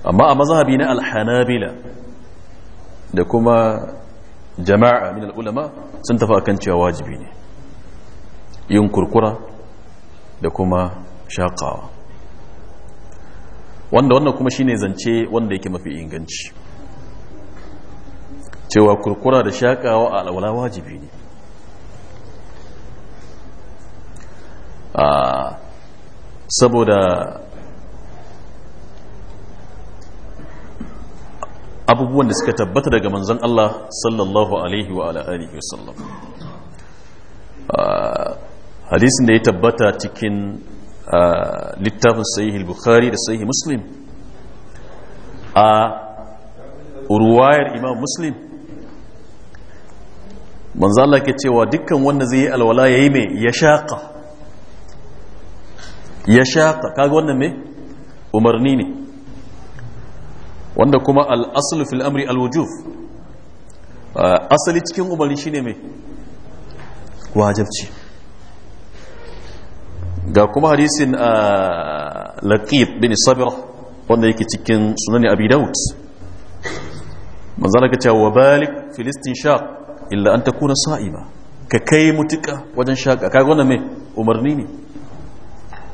amma a mazhabi na alhanabila da kuma jama'a min al'ulama sun tafi akan cewa wajibi ne yin kurkura da kuma shakawa wanda wannan kuma shine zance wanda yake mafi inganci cewa kurkura da shakawa a alwala wajibi ne ah, saboda abubuwan da suka tabbata daga manzon Allah sallallahu alaihi wa alihi wasallam ah, hadisin da ya tabbata cikin ah, littafin sahih bukhari da sahih muslim a ruwayar imam muslim manzo Allah ke cewa dukkan wanda zai yi alwala yayi me ya shaqa ya shaqa kaga wannan me umarni ne wanda kuma al'asul fil amri al-wujub uh, asali cikin umarni shine mai wajabci ga kuma hadisin uh, laqib bin sabir wanda yake cikin sunani abi daud manzana ka wa balik filistin shaq illa an takuna sa'ima ka kai mutuka wajen shaka kaga wannan mai umarni ne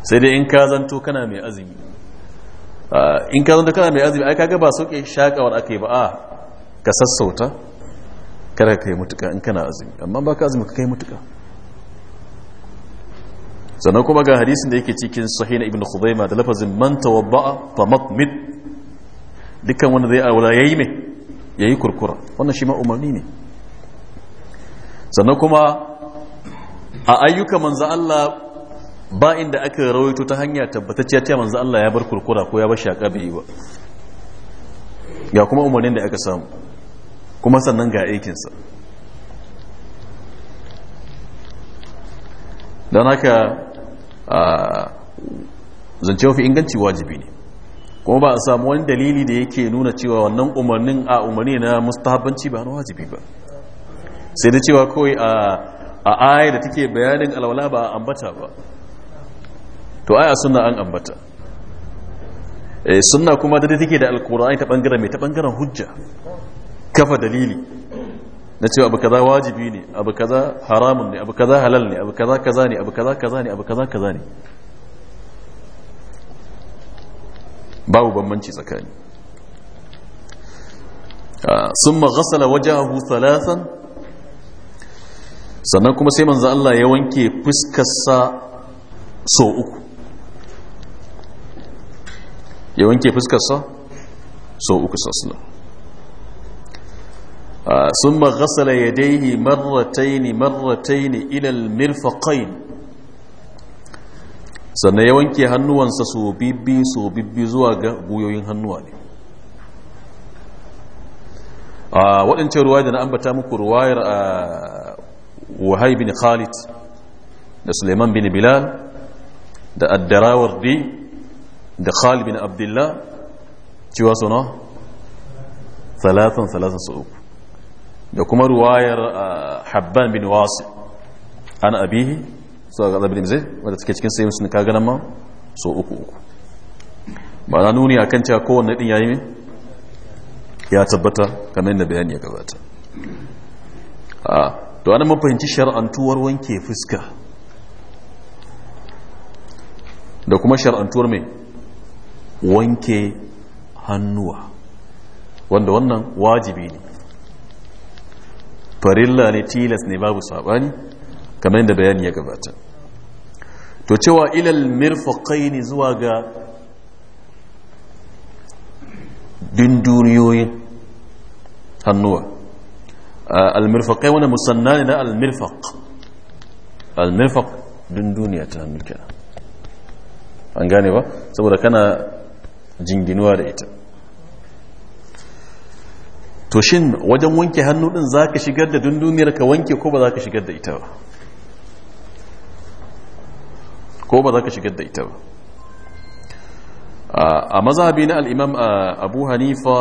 sai dai in ka zanto kana mai azumi Eh, in ka zanta kana mai azumi ai kaga ba sauke shakawar aka yi ba a ah, ka sassauta kada ka yi mutuka in kana azumi amma ba ka azumi ka kai mutuka sannan kuma ga hadisin da yake cikin sahih ibn khuzaimah da lafazin man tawabba'a fa matmid dukkan wanda zai aula yayi me yayi kurkura wannan shi ma umarni ne sannan kuma a ayyuka manzo Allah ba inda aka rawaito ta hanya tabbatacciya ta manzo Allah ya bar kurkura ko ya bar shaka bai ba ga kuma umarnin da aka samu kuma sannan ga aikinsa don haka zance mafi inganci wajibi ne kuma ba a samu wani dalili da yake nuna cewa wannan umarnin a umarni na mustahabbanci ba na wajibi ba sai da cewa kawai a aya da take bayanin alwala ba a ambata ba to aya suna an ambata eh, suna kuma da take da alkur'ani ta bangaren mai ta bangaren hujja kafa dalili na cewa abu kaza wajibi ne abu kaza haramun ne abu kaza halal ne abu kaza kaza ne abu kaza kaza ne abu kaza kaza ne babu bambanci tsakani sun ah, summa ghassala wajahu thalathan sannan kuma sai manzo Allah ya wanke fuskarsa sau uku ya wanke fuskarsa so uku sassalam sun maghasala ya daihi marrataini marrataini ilal mirfaƙain sannan ya wanke hannuwansa so bibbi so bibbi zuwa ga guyoyin hannuwa ne a waɗancan ruwa da na ambata muku ruwayar a wahai bin khalid da suleiman bin bilal da addarawar di da Khalid bin Abdullah cewa su nawa salatan salatan su uku da kuma ruwayar ah, Habban bin Wasu ana abihi su ga bin zai wadda take cikin sai musulun kaga nan ma su uku uku ba na nuni a kan cewa kowanne ɗin yayi ya tabbata kamar yadda bayani ya gabata ah, to ana mun fahimci shar'antuwar wanke fuska da kuma shar'antuwar mai wanke hannuwa wanda wannan wajibi ne farilla ne tilas ne babu sabani kamar yadda bayani ya gabata to cewa ilal mirfaƙai ne zuwa ga dinduriyoyin hannuwa almirfaƙai wani musanna ne na almirfaƙ almirfaƙ dinduniya ta hannu kenan an gane ba saboda kana jinginuwa da ita to shin wajen wanke hannu din za ka shigar da dunduniyar ka wanke ko ba za ka shigar da ita ba ko ba za ka shigar da ita ba a mazhabi na al'imam abu hanifa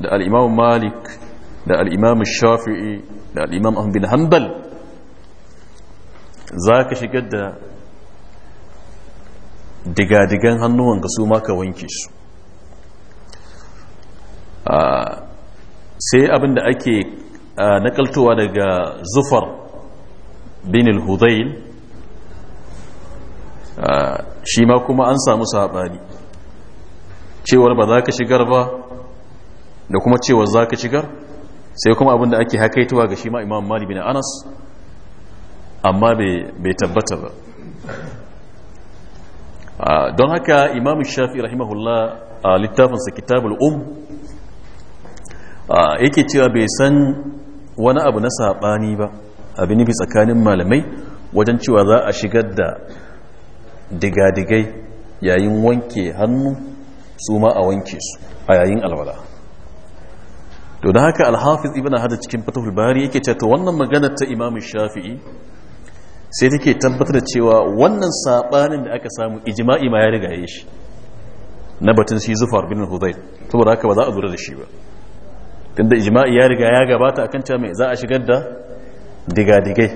da al'imam malik da al'imam shafi'i da al'imam ahun bin hanbal za ka shigar da digadigan hannuwan ka su ma ka wanke su ah, sai abinda ake ah, nakaltowa daga zufar bin al-hudayl ah, shi ma kuma an samu saɓani cewar ba za ka shigar ba da kuma cewar za ka shigar sai kuma abin ake hakaituwa ga shi ma imam mali bin anas amma bai tabbata ba Ah, don haka imam shafi rahimahullah a ah, littafinsa kitabul um ah, yake cewa bai san wani abu na saɓani ba abin nufi tsakanin malamai wajen cewa za a shigar da digadigai yayin wanke hannu su ma a wanke su a yayin alwala to da haka alhafiz ibn hada cikin fatahul bari yake cewa to wannan magana ta imam shafi'i sai take tabbatar da cewa wannan sabanin da aka samu ijma'i ma ya riga ya shi na batun shi zufar bin to saboda haka ba za a lura da shi ba da ijma'i ya riga ya gabata akan cewa mai za a shigar da digadigai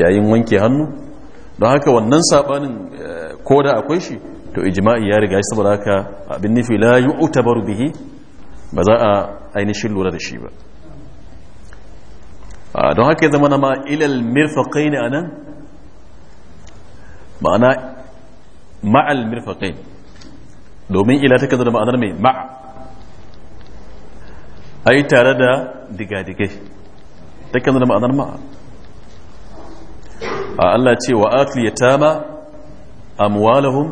yayin wanke hannu don haka wannan sabanin eh, ko da akwai shi to ijma'i ya riga saboda haka abin nufi la yu'tabaru bihi ba za a ainihin lura da shi ba ah, don haka ya zama na ma ilal mirfaƙai ne a nan ma'ana ma'al mirfaqain domin ila ta kaza da ma'anar mai ma'a ai tare da digadigai ta kaza da ma'anar ma'a a Allah ce wa atli yatama amwalahum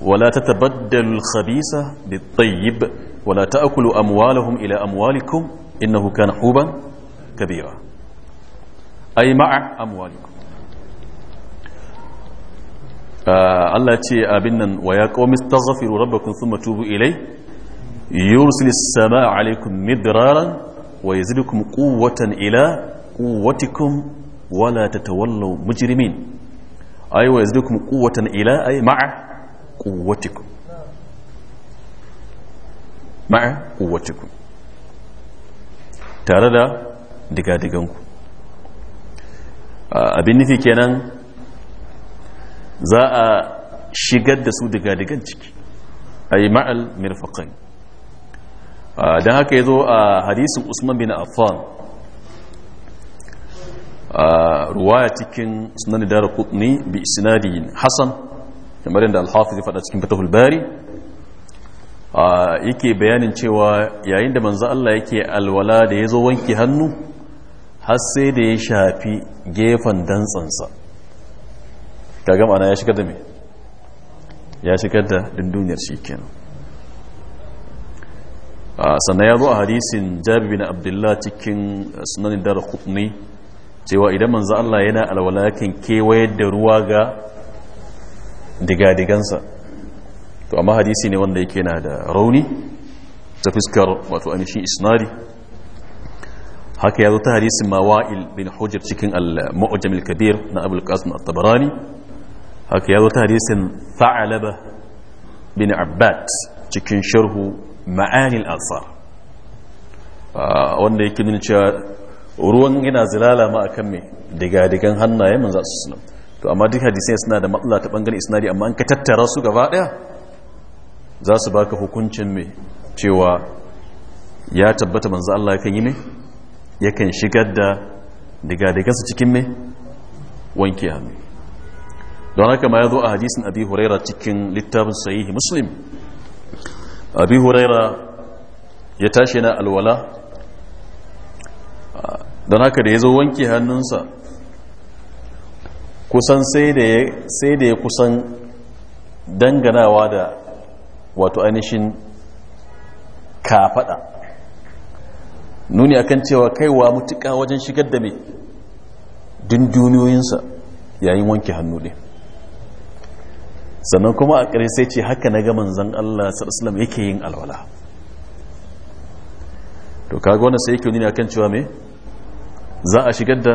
ولا تتبدلوا الخبيث بالطيب ولا تأكلوا أموالهم إلى أموالكم إنه كان حوبا كبيرا أي مع أموالكم Allah ce abin nan wa ya qaumi Zafiru rabbakum thumma tubu ilai yursilis samaa alaikum midraran wa yazidukum quwwatan ila quwwatikum wala ta tatawallaw mujrimin ay wa yazidukum quwwatan ila ay ma'a quwwatikum ma'a quwwatikum tare da diga-diganku abin nufi kenan za a shigar da su daga digan ciki a yi ma'al mirfaƙai ah, don haka ya zo a hadisin usman bin affan ah, ruwaya cikin sunan da kutni bi sinadiyin hassan kamar yadda alhafi zai fada cikin fatahul bari ah, yake bayanin cewa yayin da manzo Allah yake alwala da ya zo wanke hannu har sai da ya shafi gefen dantsansa kaga ma'ana ya shigar da me ya shigar da dunduniyar shi kenan sannan ya zo a hadisin jabi bin abdullah cikin uh, sunanin dara kutni cewa idan manzo Allah yana alwalakin kewayar da ruwa ga digadigansa to amma hadisi ne wanda yake na da rauni ta fuskar wato ainihin isnadi haka ya zo ta hadisin mawa'il bin hujjar cikin al-mu'jamil kabir na abul qasim at-tabarani haka ya zo ta hadisin fa'alaba bin abbat cikin sharhu ma'anil ansar ah, wanda yake nuna cewa ruwan yana zilala ma akan mai diga-digan hannaye za su suna to amma duk hadisai suna da matsala ta bangaren isnadi amma an ka tattara su gaba daya za su baka hukuncin mai cewa ya tabbata manzo Allah yakan yi mai yakan shigar da diga-digansa cikin mai wanke hannu don haka ma ya zo a hadisin abi huraira cikin littafin sahihi muslim abi huraira ya tashi na alwala don haka da ya zo wanke hannunsa kusan sai da ya kusan danganawa da wato ainihin kafada nuni akan cewa kaiwa mutuka wajen shigar da mai dinduniyoyinsa yayin wanke hannu ne. sannan kuma a ƙarshe sai ce haka na ga zan Allah sallallahu yake yin alwala to kaga wani sai yake nuna akan cewa me za a shigar da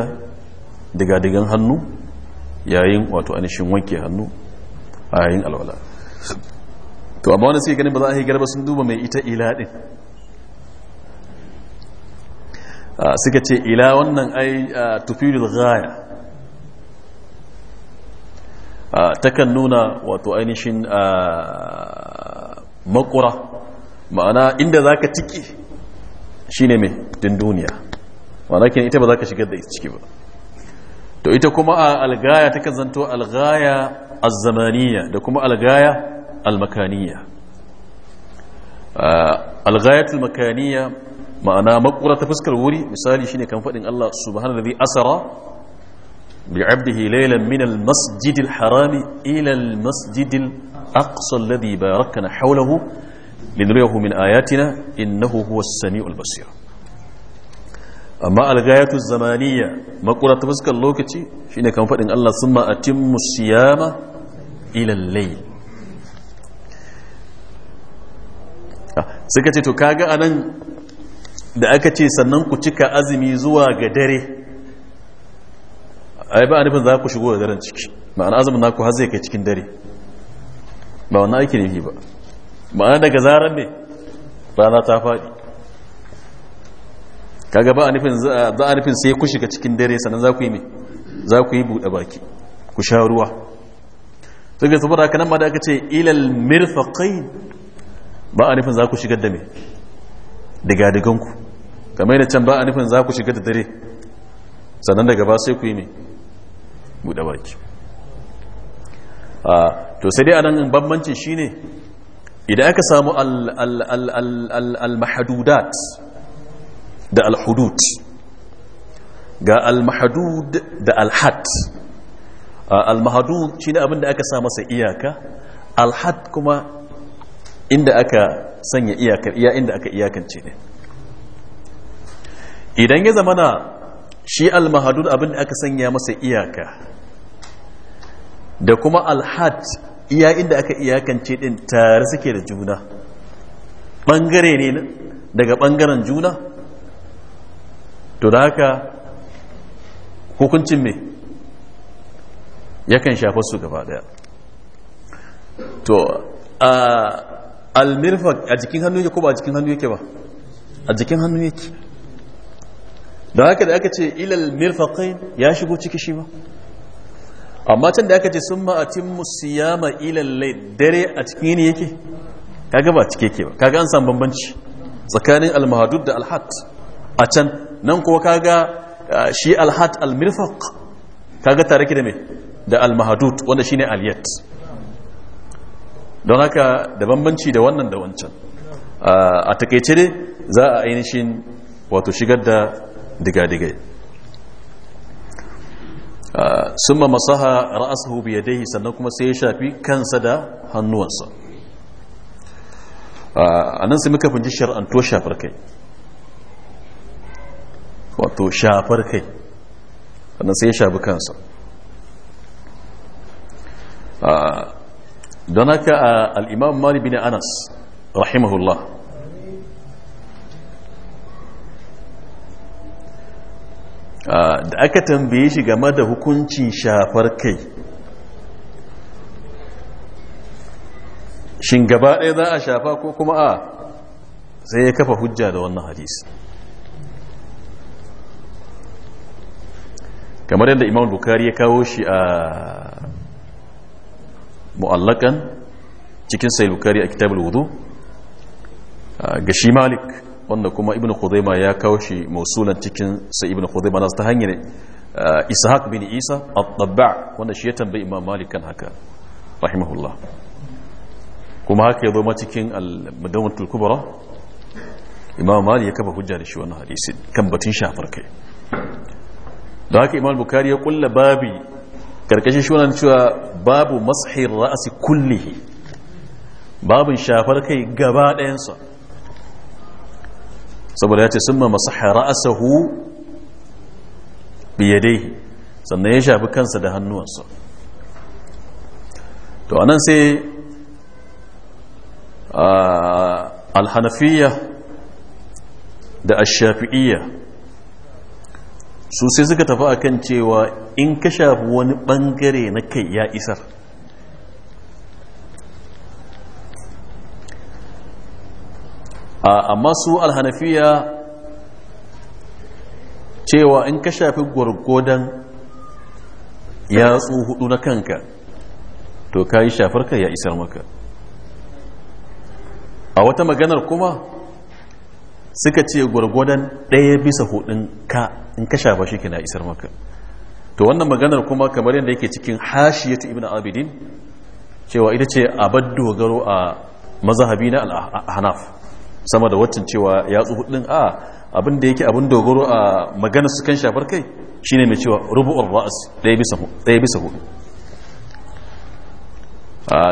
digadigan hannu yayin wato anishin wanke hannu a yayin alwala to amma wanda suke ganin ba za a yi garba sun duba mai ita ila din suka ce ila wannan ai tufilul ghaya takan nuna wato ainihin makura ma'ana inda za ka ciki shi ne mai dinduniya ma'ana kenan ita ba za ka shigar da ciki ba to ita kuma a algaya takan zanto algaya azamaniya da kuma algaya almakaniya algayatul makaniya ma'ana makura ta fuskar wuri misali shine kan faɗin Allah subhanahu wa ta'ala asara بعبده ليلا من المسجد الحرام إلى المسجد الأقصى الذي باركنا حوله لنريه من آياتنا إنه هو السميع البصير أما الغاية الزمانية ما قلت تفسك اللوكتي شين كان فإن الله ثم أتم الصيام إلى الليل سكتي تكاغا أنا da aka ce sannan ku cika azumi zuwa ga dare ai ba nufin za ku shigo da daren ciki ma'ana azumin naku har zai kai cikin dare ba wannan aiki ne ba ma'ana daga zarar ne rana ta faɗi kaga ba a nufin za a nufin sai ku shiga cikin dare sannan za ku yi ne za ku yi buɗe baki ku sha ruwa sai ga saboda haka nan ma da aka ce ilal mirfaqai ba a nufin za ku shigar da me diga digan ku kamar da can ba a nufin za ku shigar da dare sannan daga ba sai ku yi me buɗe baki ah, to sai dai a nan bambancin shine idan aka samu al-mahadudat da al-hudud ga al-mahadud da al-had al-mahadud ah, shine aka sa masa iyaka al-had kuma inda aka sanya iyakar iya inda aka iyakance ne idan ya zamana shi al-mahadud aka sanya masa iyaka da kuma alhad iya inda aka iyakance din tare suke da juna bangare ne daga bangaren juna to da haka hukuncin me yakan shafa su gaba daya to a almirfak a jikin hannu yake ko ba a jikin hannu yake ba a jikin hannu yake da haka da aka ce ilal mirfaqain ya shigo ciki shi ba amma can da aka ce sun ma'atin musiyama ilallai dare a cikin yini yake kaga ba cike ke ba kaga an samu bambanci tsakanin almahadud da alhat a can nan kuwa kaga shi alhat almirfaq kaga tare ki da me da almahadud wanda shine aliyat don haka da bambanci da wannan da wancan a takaice ne, za a ainihin wato shigar da diga-digai summa masaha hu biya dai sannan kuma sai ya shafi kansa da hannuwansa a nan sai muka shar'an to shafar kai wato shafar kai sannan sai ya shafi kansa don haka al'imam mali bin anas rahimahullah da aka tambaye shi game da hukuncin shafar kai shin gaba ɗaya za a shafa ko kuma a sai ya kafa hujja da wannan hadis. kamar yadda imam bukari ya kawo shi a mu'allakan cikin sai bukari a kitabul wudu ga shi malik wanda kuma ibn khuzaima ya kawo shi mausulan cikin sa ibn khuzaima nasu ta hanyar uh, ishaq bin isa at-tabba wanda shi ya tambayi imam malik kan haka rahimahullah kuma haka ya zo ma cikin al-mudawwatul kubra imam malik ya kafa hujja da shi wannan hadisi kan batun shafar kai da haka imam bukari ya kulla babi karkashin shi wannan cewa babu mashir ra'asi kullihi babin shafar kai gaba ɗayansa saboda ya ce sun ma masu ra'asahu biyadai, sannan ya shafi kansa da hannuwansa to anan sai alhanafiya da ashafi'iyya su sai suka tafi akan cewa in ka shafi wani bangare na kai ya isar amma su alhanafiya cewa in ka shafi gwargwadon yatsu hudu na kanka to ka yi shafarka ya isar maka a wata maganar kuma suka ce gwargwadon ɗaya bisa hudun ka in ka shafa shi na isar maka to wannan maganar kuma kamar yadda yake cikin hashiyatu ibn abidin cewa ita ce abad dogaro a mazhabi na al'ahanaf sama da watan cewa ya tsohu hudun a ah, abin da yake abin dogaro a magana su kan shafar kai shine mai cewa rubu'ur ra'as ɗaya bisa daya hudu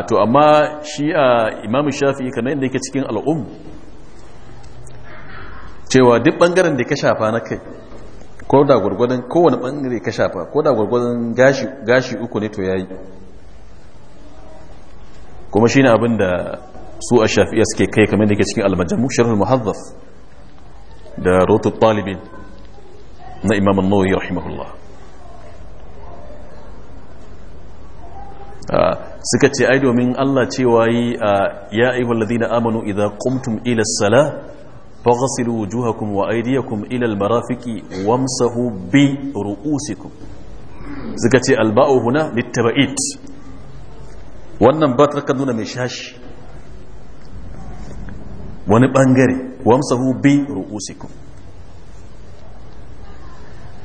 to amma shi a imamu shafi'i kamar inda yake cikin al'um cewa duk ɓangaren da ka shafa na kai ko da gwargwadon kowane ɓangare ka shafa ko da gwargwadon gashi uku ne to yayi kuma shine abin da su a shafi'a suke kai kamar da ke cikin almajamu sharhul muhazzaf da rotu talibin na imam an-nawawi rahimahullah ah, suka ce ai domin Allah cewa yi ah, ya ayyuhal ladina amanu idza qumtum ila sala salah faghsilu wujuhakum wa aydiyakum ila al-marafiqi wamsahu bi ru'usikum suka ce alba'u huna littaba'id wannan ba ta nuna mai shashi wani bangare wamsahu bi ru'usikum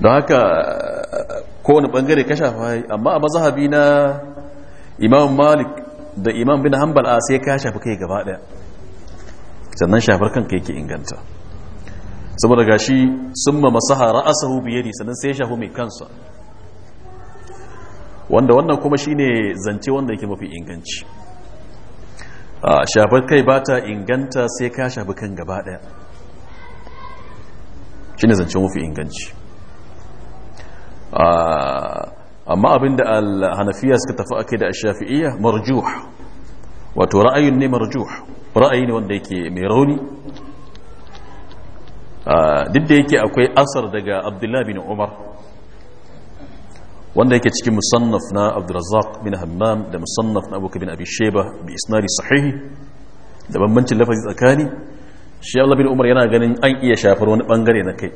don haka kowane bangare ka shafa amma a mazhabi na imam malik da imam bin hanbal a sai ka shafi kai gaba daya sannan shafar kanka yake inganta saboda gashi sun ma masaha ra'asahu biyadi sannan sai shafu mai kansa wanda wannan kuma shine zance wanda yake mafi inganci shafar kai ba ta inganta sai ka shafi kan gaba ɗaya shi ne zancen mafi inganci amma abinda al-hanafiya suka tafi akai da shafi'iyya marjuh wato ra'ayin ne marjuh ra'ayi ne wanda yake mai rauni duk da yake akwai asar daga abdullahi na umar wanda yake cikin musannaf na abdurrazzaq bin hammam da musannaf na abubakar bin abi sheba bi isnadi sahihi da bambancin lafazi tsakani shi Allah bin Umar yana ganin an iya shafar wani bangare na kai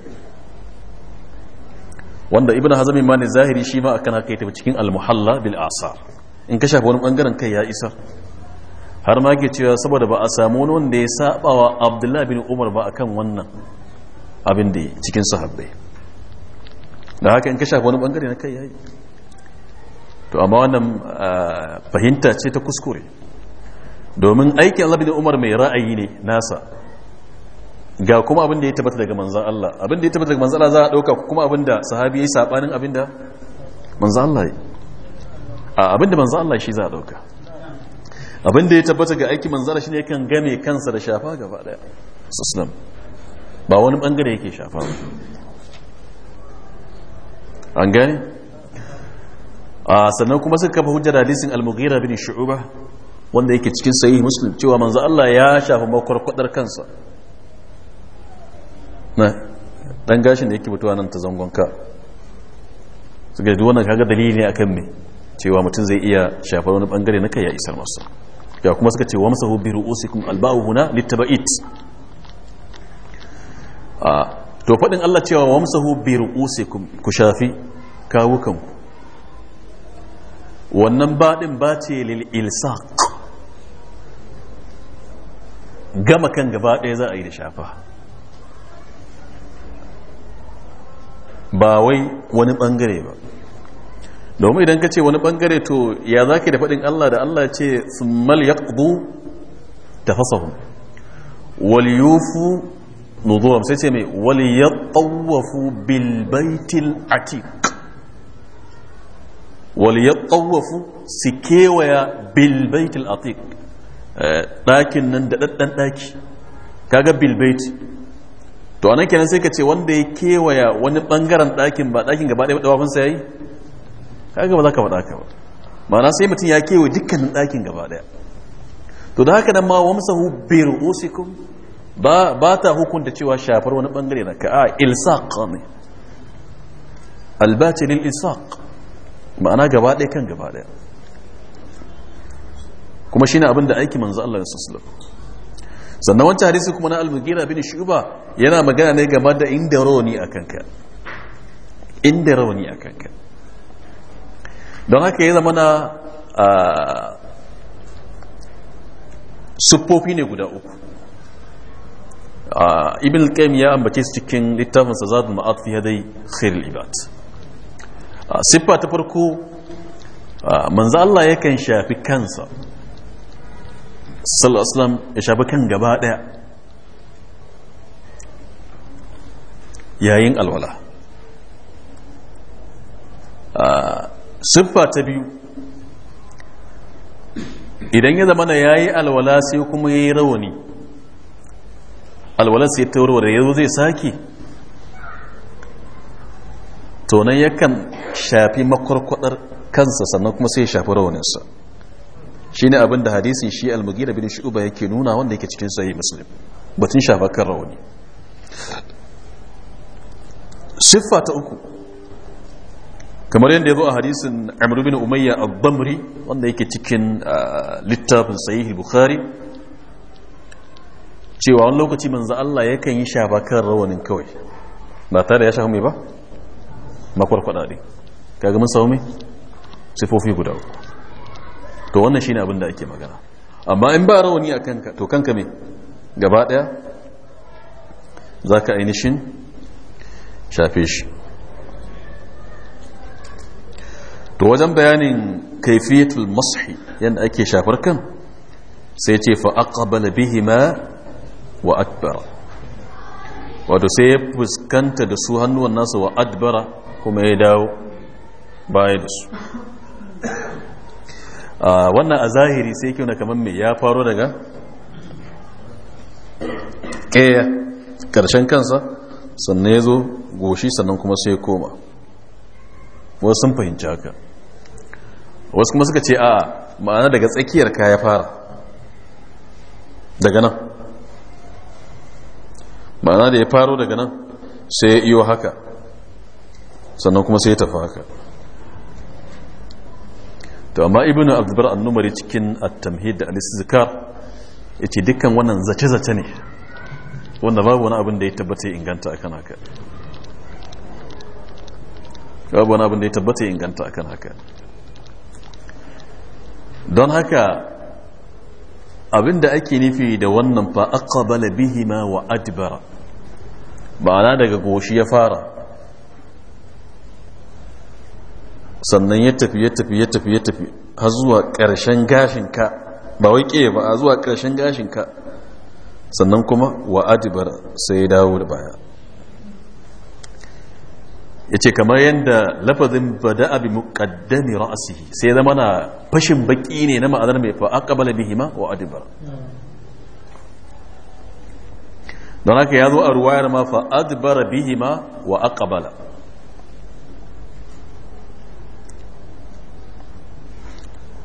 wanda ibn hazami ma ne zahiri shi ma akan haka ya cikin almuhalla bil asar in ka shafa wani bangaren kai ya isa har ma ke cewa saboda ba a samu wani wanda ya saba wa abdullahi bin umar ba akan wannan abin da cikin sahabbai da haka in ka shafi wani bangare na kai ya yi. to amma wannan fahimta ce ta kuskure domin aikin labin Umar mai ra'ayi ne nasa ga kuma abin da ya tabbata daga manzan Allah abin da ya tabbata daga manzan Allah za a dauka kuma abin da sahabi yi sabanin abin da manzan Allah yi abin da manzan Allah shi za a dauka abin da ya tabbata ga aikin manzan Allah ne yakan game kansa da shafa gaba daya ba wani bangare yake shafa ba an gane sannan kuma suka kafa hujjar hadisin al-mughira bin shu'ba wanda yake cikin sahih muslim cewa manzo Allah ya shafa kwadar kansa na dan gashin da yake fitowa nan ta zangon ka suka yi wannan kaga dalili ne akan me cewa mutum zai iya shafar wani bangare na kai ya isar masa ya kuma suka ce wa masahu bi ru'usikum al-ba'u huna litaba'it to faɗin Allah cewa wamsahu bi ru'usikum ku shafi kawukanku wannan baɗin ba ce lil ilsaq gama kan gaba ɗaya za a yi da shafa ba wai wani ɓangare ba domin idan ka ce wani ɓangare to ya za da faɗin Allah da Allah ce summal yaqdu tafasahum wal yufu nuzuwam sai ce mai wali ya tsawafu bilbaitil atik wali ya tsawafu su kewaya bilbaitil atik ɗakin nan da ɗaɗɗan ɗaki kaga bilbaiti to anan kenan sai ka ce wanda ya kewaya wani ɓangaren ɗakin ba ɗakin gaba ɗaya ɗawafinsa ya yi kaga ba za ka faɗa ka ba ma'ana sai mutum ya kewaye dukkanin ɗakin gaba ɗaya to da haka nan ma wamsahu bi ru'usikum ba ta hukunta cewa shafar wani bangare na ka a ilsaq ne albatilil isaq ma'ana gaba ɗaya kan gaba ɗaya kuma shine abin da aiki manzo Allah sallallahu alaihi sannan wancan hadisi kuma na al-mughira bin shu'ba yana magana ne game da inda rawani akan ka inda rawani akan ka don haka ya zama na siffofi ne guda uku ibn al-qayyim ya ambace su cikin littafin sa zadul ma'ad fi hadai khairul ibad siffa ta farko manzo Allah yakan shafi kansa sallallahu alaihi wasallam ya shafi kan gaba daya yayin alwala siffa ta biyu idan ya zama na yayi alwala sai kuma yayi rawani alwalar sai ta warware yanzu zai sake Tonan yakan shafi makwarkwadar kansa sannan kuma sai ya shafi rawaninsa shi ne abinda hadisin shi almugira bin shi'uba yake nuna wanda yake cikin sayi musulun batun shafa kan rawani siffa ta uku kamar yadda ya zo a hadisin amr bin umayya al-damri wanda yake cikin ah, littafin sahih bukhari cewa wani lokaci manzo Allah yakan yi shafa kan rawanin kawai ba tare da ya shafa mai ba makwarkwada ne kaga mun samu mai sifofi guda uku to wannan shine abin da ake magana amma in ba rawani a kanka to kanka me gaba daya zaka ainihin shafe shi to wajen bayanin kaifiyatul mashi yadda ake shafar kan sai ce fa aqbala ma. wa adbara wato sai ya fuskanta da su hannuwan nasa wa adbara kuma ya dawo baya da su wannan a zahiri sai kyau na kamar mai ya faro daga ƙaya ƙarshen kansa sannan ya zo goshi sannan kuma sai koma wasu sun fahimci haka wasu kuma suka ce a ma'ana daga tsakiyar ka ya fara daga nan ma'ana da ya faro daga nan sai ya iyo haka sannan kuma sai ya tafi haka to amma ibn an-numari cikin at-tamhid da al-istizkar yace dukkan wannan zace-zace ne wanda babu wani abin da ya tabbata inganta akan haka babu wani abin da ya tabbata inganta akan haka don haka abin da ake nufi da wannan fa aqbala bihima wa adbara ma'ana daga goshi ya fara sannan ya tafi ya tafi ya tafi ya tafi har zuwa ƙarshen gashinka ba wai ƙe ba a zuwa ƙarshen gashinka sannan kuma wa adibar sai ya dawo da baya ya ce kamar yadda lafazin bada abi muƙaddami ra'asihi sai zama na fashin baƙi ne na ma'anar mai fa'aƙabala bihima wa adibar don haka ya zo a ruwayar ma fa adbara ma wa aqbala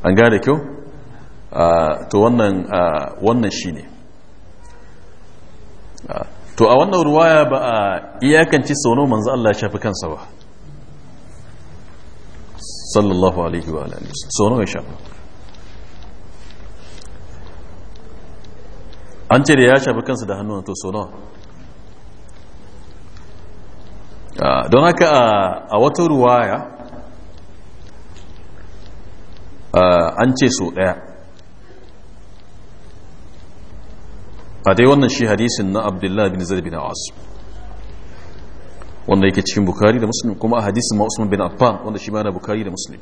an gane kyau to wannan wannan shine to a wannan ruwaya ba a iyakanci sauno manzo Allah ya shafi kansa ba sallallahu alaihi wa alihi sauno ya shafi an ce da ya shafi kansa da hannu to so ah, don haka ah, a wata ruwaya ah, an ce so ɗaya a dai wannan shi hadisin na abdullahi bin zarbi bin wasu wanda yake cikin bukari da muslim kuma a hadisin ma usman bin affan wanda shi ma na bukari da muslim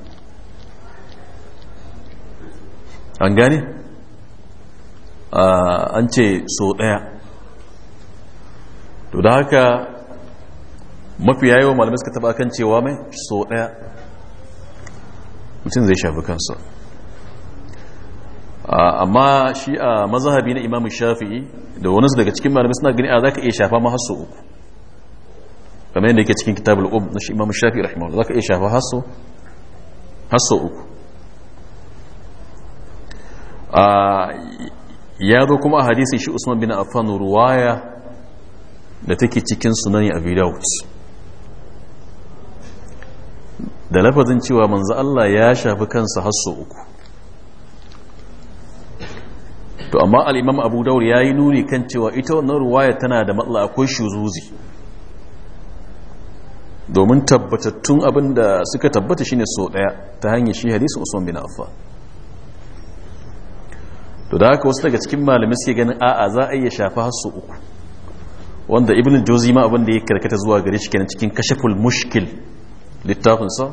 an gane an ce so ɗaya to da haka mafi yayo malamai suka taba kan cewa mai so ɗaya mutum zai shafi kansa amma shi a mazahabi na imamu shafi'i da wani daga cikin malamai suna gani a za ka iya shafa ma hasso uku kamar yadda yake cikin kitabu al'ub umm na shi imamu shafi'i rahimahullah za ka iya shafa hasso hasso uku ya zo kuma a hadisi shi usman bin affan ruwaya da take cikin sunani abi dawud da lafazin cewa manzo Allah ya shafi kansa hasso uku to amma al-imam abu da'ur ya yi nuni kan cewa ita wannan ruwaya tana da matsala akwai shuzuzi domin tabbatattun abinda suka tabbata shine so daya ta hanyar shi hadisin usman bin affan to da haka wasu daga cikin malamai suke ganin a'a za a iya shafa har su uku wanda ibn jozi ma abin da ya karkata zuwa gare shi kenan cikin kashaful mushkil littafin sa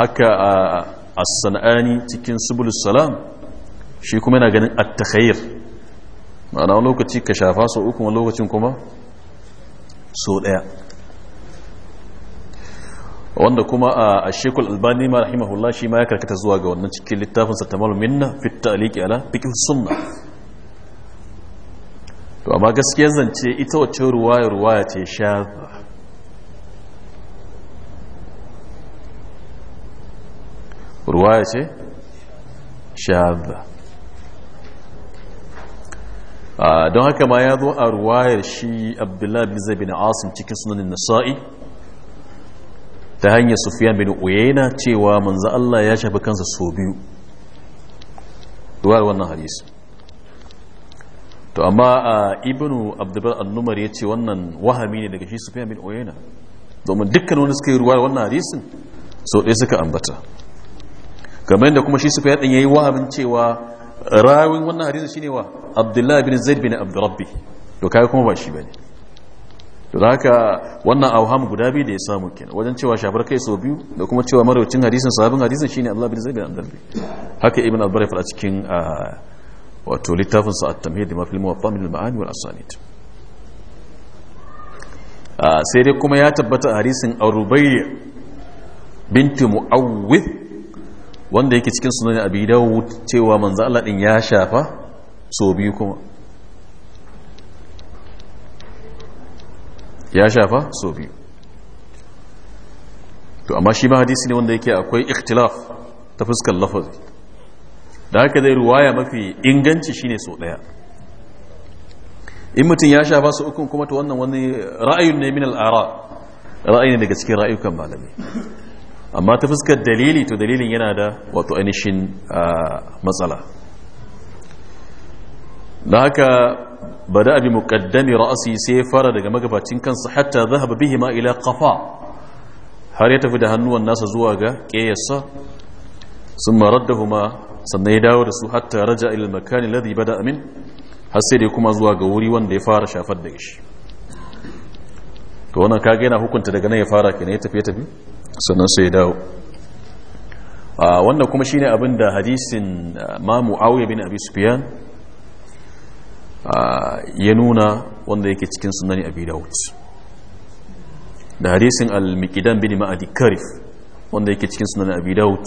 haka a sana'ani cikin subulus salam shi kuma yana ganin at-takhayyur ma'ana lokaci ka shafa su uku lokacin kuma so daya wanda kuma a shekul albani ma rahimahullah shi ma ya karkata zuwa ga wannan cikin littafin sa tamal minna fi ta'liqi ala fiqh sunna to amma gaskiya zance ita wacce ruwaya ruwaya ce sha ruwaya ce sha don haka ma ya zo a ruwayar shi abdullahi bin zabi na asim cikin sunanin nasa'i ta hanyar sufiyan bin uyayna cewa manzo Allah ya shafi kansa so biyu duwar wannan hadisi to amma a ibnu abdulbar annumar ya ce wannan wahami ne daga shi sufiyan bin uyayna domin dukkan wani suka yi ruwa wannan hadisin so ɗaya suka ambata kamar yadda kuma shi sufiyan din ya yi wahamin cewa rawin wannan hadisin shine wa abdullahi bin zaid bin abdurrabbi to kai kuma ba shi bane to haka wannan auham guda biyu da ya samu kenan wajen cewa shafar kai sau biyu da kuma cewa maraucin hadisin sahabin hadisin shine Allah bin Zaid bin Abdul haka ibn al-Bari fara cikin wato littafin sa at-tamhid ma fil muwatta min al-ma'ani wal asanid sai dai kuma ya tabbata a hadisin Arubayya binti Muawwid wanda yake cikin sunan Abi Dawud cewa manzo Allah din ya shafa sau biyu kuma ya shafa so biyu to amma shi ma hadisi ne wanda yake akwai ikhtilaf ta fuskar lafazi da haka zai ruwaya mafi inganci shine so daya in mutum ya shafa su ukun kuma to wannan wani ra'ayin ne min al'ara ra'ayi ne daga cikin ra'ayukan malami amma ta fuskar dalili to dalilin yana da wato ainihin ah, matsala da haka bada abi muqaddami ra'asi sai ya fara daga magabacin kansa hatta zahaba bihi ma ila qafa har ya tafi da hannuwan nasa zuwa ga marar da raddahuma sannan ya dawo da su hatta raja ila makani da bada amin har sai da kuma zuwa ga wuri wanda ya fara shafar da shi to wannan kage yana hukunta daga nan ya fara kenan ya tafi ya tafi sannan sai ya dawo wannan kuma shine abin da hadisin eh, Mamu, muawiya bin abi sufyan ya nuna wanda yake cikin sunani abi da hadisin al mikidan bin ma'adi karif wanda yake cikin sunani abi dawud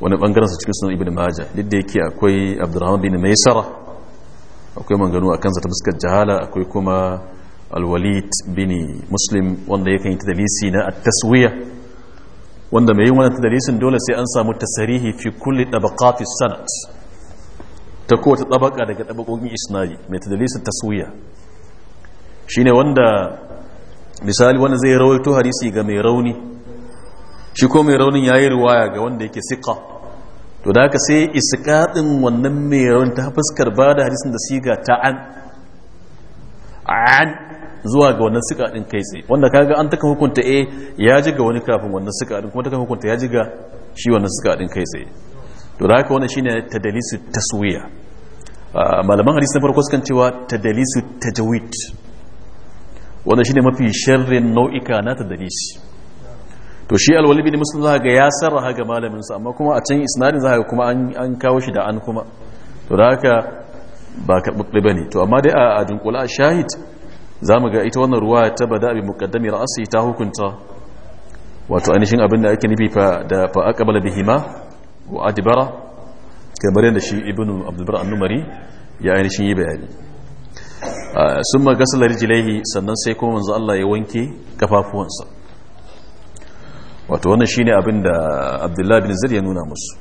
wani bangaren sa cikin sunan ibn majah duk da yake akwai abdurrahman bin maisara akwai manganu a kansa ta fuskar jahala akwai kuma al-walid bin muslim wanda yake yi tadalisi na at-taswiya wanda mai yin wannan tadalisin dole sai an samu tasarihi fi kulli tabaqati sanad ta kowace tsabaka daga tsabakokin isnari mai ta tadalisin taswiya ne wanda misali wanda zai rawaito hadisi ga mai rauni shi ko mai raunin yi ruwaya ga wanda yake siƙa to da haka sai isqatin wannan mai rauni ta fuskar ba da hadisin da siga ta an an zuwa ga wannan siƙaɗin kai tsaye wanda kaga an takan hukunta eh ya ji ga wani kafin wannan siƙaɗin kuma takan hukunta ya ji ga shi wannan siƙaɗin kai tsaye to da haka wannan shine tadalisu taswiya ah, malaman hadisi na farko sukan cewa tadalisu tajwid wannan shine mafi sharrin nau'ika na tadalisi to shi alwali bin muslim zaka ga ya sarraha ga malamin sa amma kuma a can isnadin zaka ga kuma an kawo shi da an kuma to da haka ba karɓaɓɓe ba ne to amma dai a dunkula a shahid za mu ga ita wannan ruwa ta bada abin mukaddami ra'asi ta hukunta wato ainihin abin da ake nufi da fa aqbala bihima wa adibara kamar yadda shi ibn abdulbar annumari ya ainihin yi bayani ah, sun magasar rijilaihi sannan sai kuma manzo Allah ya wanke kafafuwansa wato wannan shine abin da abdullahi bin zir ya nuna musu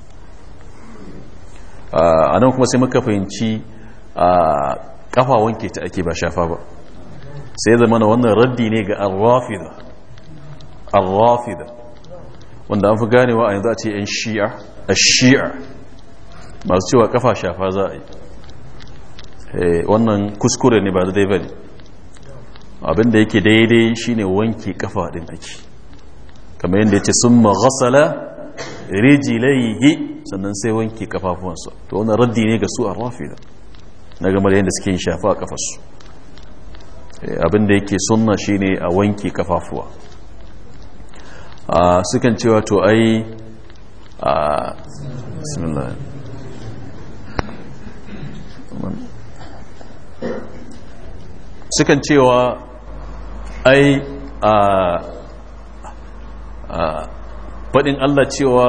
ah, a nan kuma sai muka fahimci a ah, kafa wanke ta ake ba shafa ba sai zama wannan raddi ne ga arrafida arrafida wanda an fi ganewa a yanzu a ce 'yan shi'a a shi'a masu cewa kafa shafa za a yi eh, wannan kuskure ne ba daidai ba ne abinda yake daidai shine wanke kafa din ake kamar yadda ya ce sun maghasala rijilaihi sannan sai wanke kafafuwansa to wannan raddi ne ga su a rafida na game da yadda suke yin shafa a kafarsu eh, abinda yake sunna shine a wanke kafafuwa Ah, sukan cewa to ai ah, bismillah sukan cewa ai ah, faɗin Allah cewa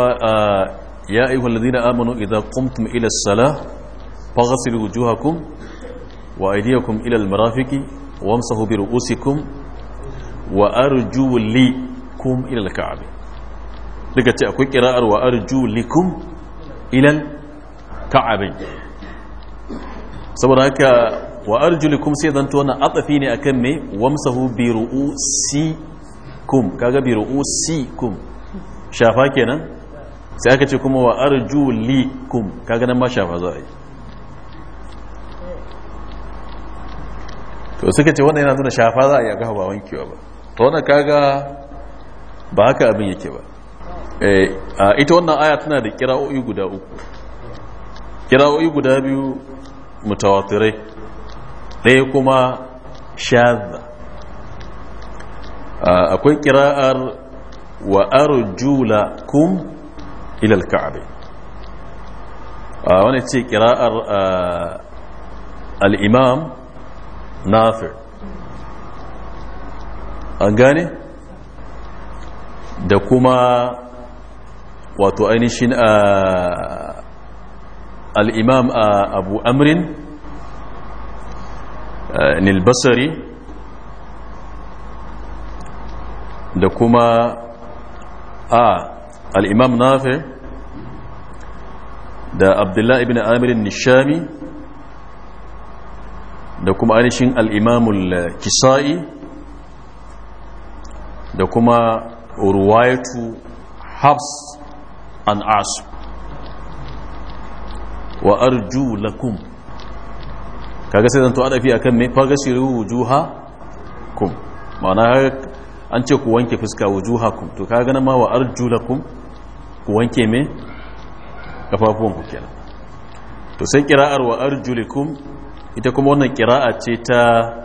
ya ayyuhu alladhina amanu idan qumtum ila sala salah faghsilu wujuhakum wa aydiyakum ila marafiki wamsa wamsahu bi wa arjuli arjulakum ilal ka'abi daga ce akwai kira'ar wa arjulikum ilal ka'abi saboda haka wa arjulikum sai zanto na atsafi ne akan me wamsahu bi ru'usikum kaga bi ru'usikum shafa kenan sai aka ce kuma wa arjulikum kaga nan ma shafa za a yi to suka ce wannan yana nuna shafa za a yi a gaba ba wankewa ba to wannan kaga ba haka abin yake ba eh, ita wannan aya tana da kira'o'i guda uku kira'o'i guda biyu mutawatirai ɗaya kuma shaza akwai kira'ar wa arjula kum ilal ka'abe wani ce kira'ar al'imam nafir an gane? da kuma wato ainihin ah, al'imam ah, abu amrin ah, nilbasari da kuma a al'imam nafi da abdullahi ibn amirin nishami da kuma ainihin al'imamul kisa'i da kuma ruwayatu habs an asu wa arju lakum kaga sai to adafi mai me fagashiru wujuha kum ma'ana an ce ku wanke fuska wujuha kum to kaga nan ma wa arju lakum ku wanke me kafafuwan ku kenan to sai kira'ar wa lakum ita kuma wannan kira'a ce ta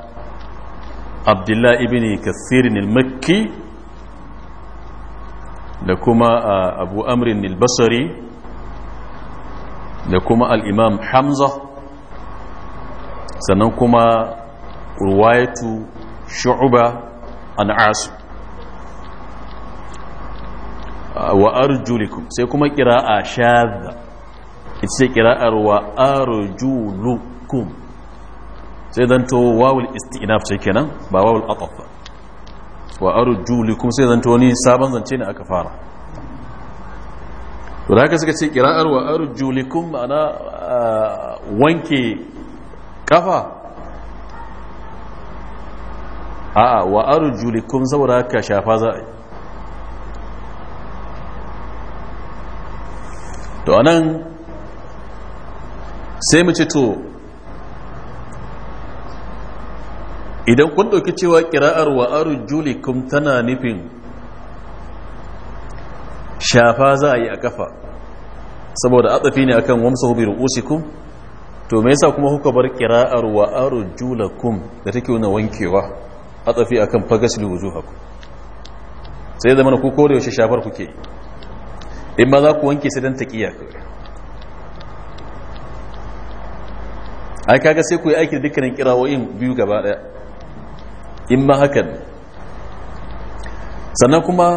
abdullahi ibn kathir al-makki da kuma abu amrin nilbasari da kuma al'imam hamza sannan kuma ruwayatu shu'uba an asu wa arjulikum sai kuma kira'a shadda ita ce kira'ar wa arjulukum sai don to wawul isti'naf sai kenan ba wawul atafa wa arju likum sai zanto ni sabon zance ne aka fara to da haka suka ce kira'ar wa arju likum ma'ana uh, wanke kafa a'a wa arju likum saboda haka shafa za a to anan sai mu ce to idan kun ɗauki cewa ƙira'ar wa arjulikum tana nufin shafa za a yi a kafa saboda tsafi ne akan wamsahu bi ru'usikum to me yasa kuma kuka bar ƙiraar wa arjulakum da take wani wankewa atsafi akan fagasli haku sai zama ku kore yaushe shafar kuke in ba za ku wanke sai dan taqiya ai kaga sai ku yi aiki da dukkanin qira'o'in biyu gaba ɗaya. in ma hakan sannan kuma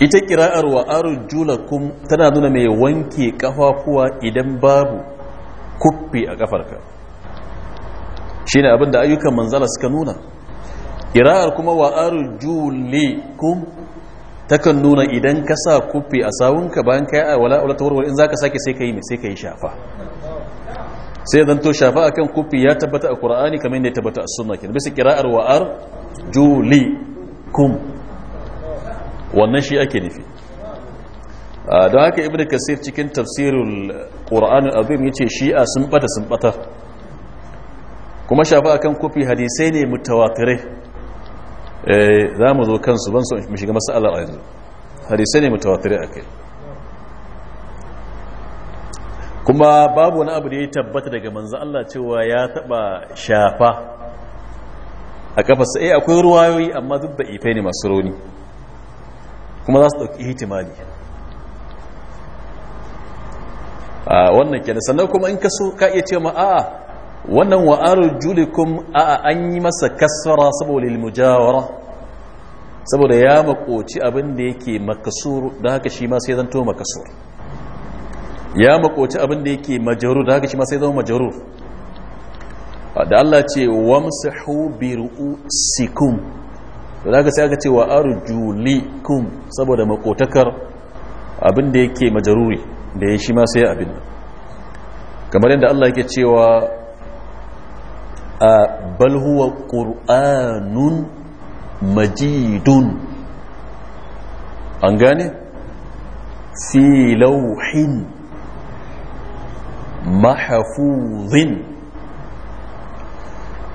ita kira'ar wa arjulakum tana nuna mai wanke kafafuwa idan babu kuffi a kafarka shi abin da ayyukan manzala suka nuna kira'ar kuma wa arjulikum takan nuna idan ka sa kuffi a sawunka bayan ka yi a wala ta warware in za ka sake sai ka yi mai sai ka yi shafa sai zan to shafa akan kufi ya tabbata a qur'ani kamar yadda ya tabbata a sunna kenan bisa qira'ar wa'ar juli kum wannan shi ake nufi don haka ibnu kasir cikin tafsirul qur'anul azim yace shi'a sun bata sun bata kuma shafa akan kufi hadisai ne mutawatirai eh, za mu zo kansu ban so mu shiga masalar yanzu hadisai ne a kai. kuma babu wani abu da ya tabbata daga manzo Allah cewa ya taba shafa a kafarsa eh akwai ruwayoyi amma duk da ifai ne masu rauni kuma za su dauki ihtimali a wannan kenan sannan kuma in ka so ka iya cewa ma a'a wannan wa arjulukum a'a an yi masa kasra saboda mujawara saboda ya makoci abin da yake makasur don haka shi ma sai zanto makasur ya makoci abin da yake majaru da haka shi masai sai zama majaru da Allah ce wamsahu bi ru'usikum to da sai aka ce wa arjulikun saboda makotakar abin da yake majaruri da ya shi masai sai abin kamar yadda Allah yake cewa a balhuwa huwa majidun an gane fi lauhin mahafuzin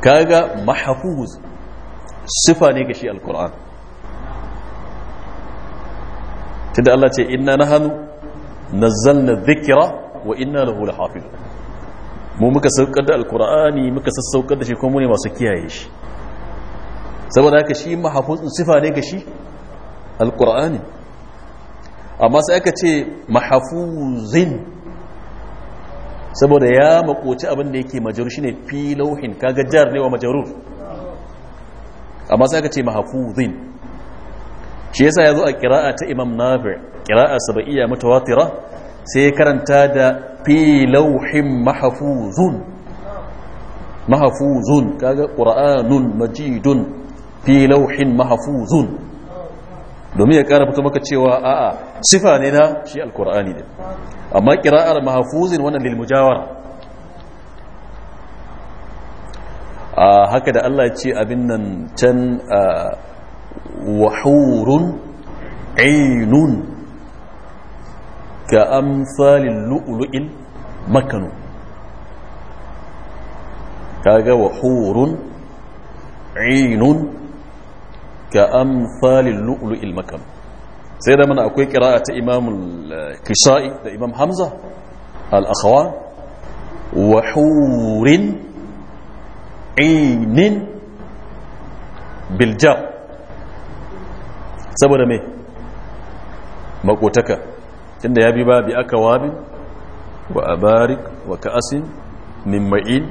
kaga mahafuz sifa ne ga shi alkur'an tunda Allah ce inna hannu nazzalna dhikra wa inna lahu lahafizun mu muka saukar da alkur'ani muka sassaukar da shi kuma ne masu kiyaye shi saboda haka shi mahafuzin sifa ne ga shi alkur'ani amma sai aka ce mahafuzin saboda ya makoci abinda da yake majarur shine fi lauhin kaga jar ne wa majarur amma sai aka ce mahfuzin shi yasa ya zo a kira'a ta Imam Nafi' kira'a sab'iyya mutawatira sai karanta da fi lauhin mahfuzun kaga ƙura'anun majidun fi lauhin mahfuzun domin ya kara fito maka cewa a'a sifa ne na shi alkur'ani ne amma kira'ar mahafuzin wannan lilmujawar a haka da Allah ce abin nan tan wahurun ainun ka amfani lu'lu'il makanu kaga wahurun ainun كأمثال اللؤلؤ المكم سيدا من أقوي قراءة إمام الكسائي ده إمام حمزة الأخوان وحور عين بالجر سبب رمي ما قوتك إن يا بابي بأكواب وأبارك وكأس من مئين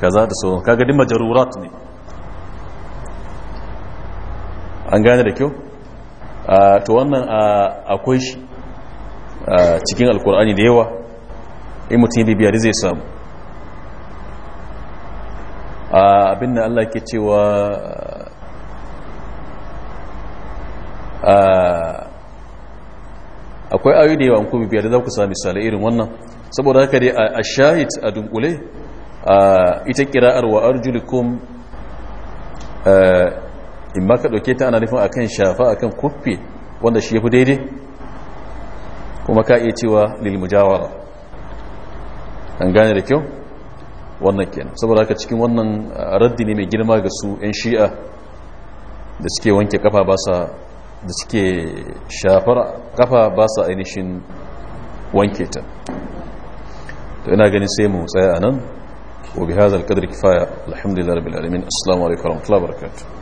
كذا تسوون كذا دي مجروراتني an gane da kyau to wannan akwai shi cikin alkur'ani da yawa in mutum ya bibiyar zai samu abin da Allah ke cewa akwai ayu da yawa an kuma bibiyar da za ku sami misalai irin wannan saboda haka dai a shahid a dunkule ita kira'ar wa arjulikum in ba ka ɗauke ta ana nufin akan shafa akan kuffe wanda shi ya fi daidai kuma ka iya cewa lilmujawara an gane da kyau wannan kenan saboda haka cikin wannan ah, raddi ne mai girma ga su 'yan shi'a da suke wanke kafa ba sa da suke shafar kafa ba sa ainihin wanke ta to ina ganin sai mu tsaya a nan wa bi hadha al-qadri kifaya alhamdulillahi rabbil alamin assalamu alaikum wa rahmatullahi wa barakatuh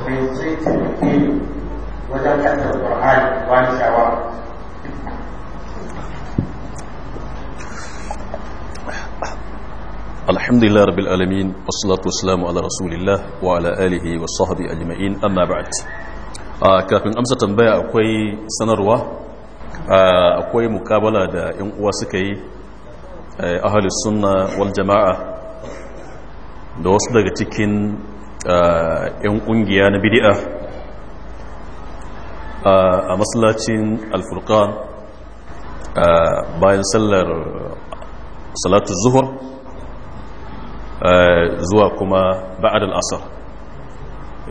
bai sai ke ni wajen karanta Qur'ani ba shawa. الحمد لله رب العالمين والصلاة والسلام على رسول الله وعلى آله وصحبه أجمعين أما بعد kafin amsa tambaya akwai sanarwa ah, akwai mukabala da yan uwa suka yi eh, ahalus sunna wal da wasu daga cikin 'yan ƙungiya na bidi'a a masallacin alfurkan bayan sallar salatu zuhur zuwa kuma ba'ad al'asar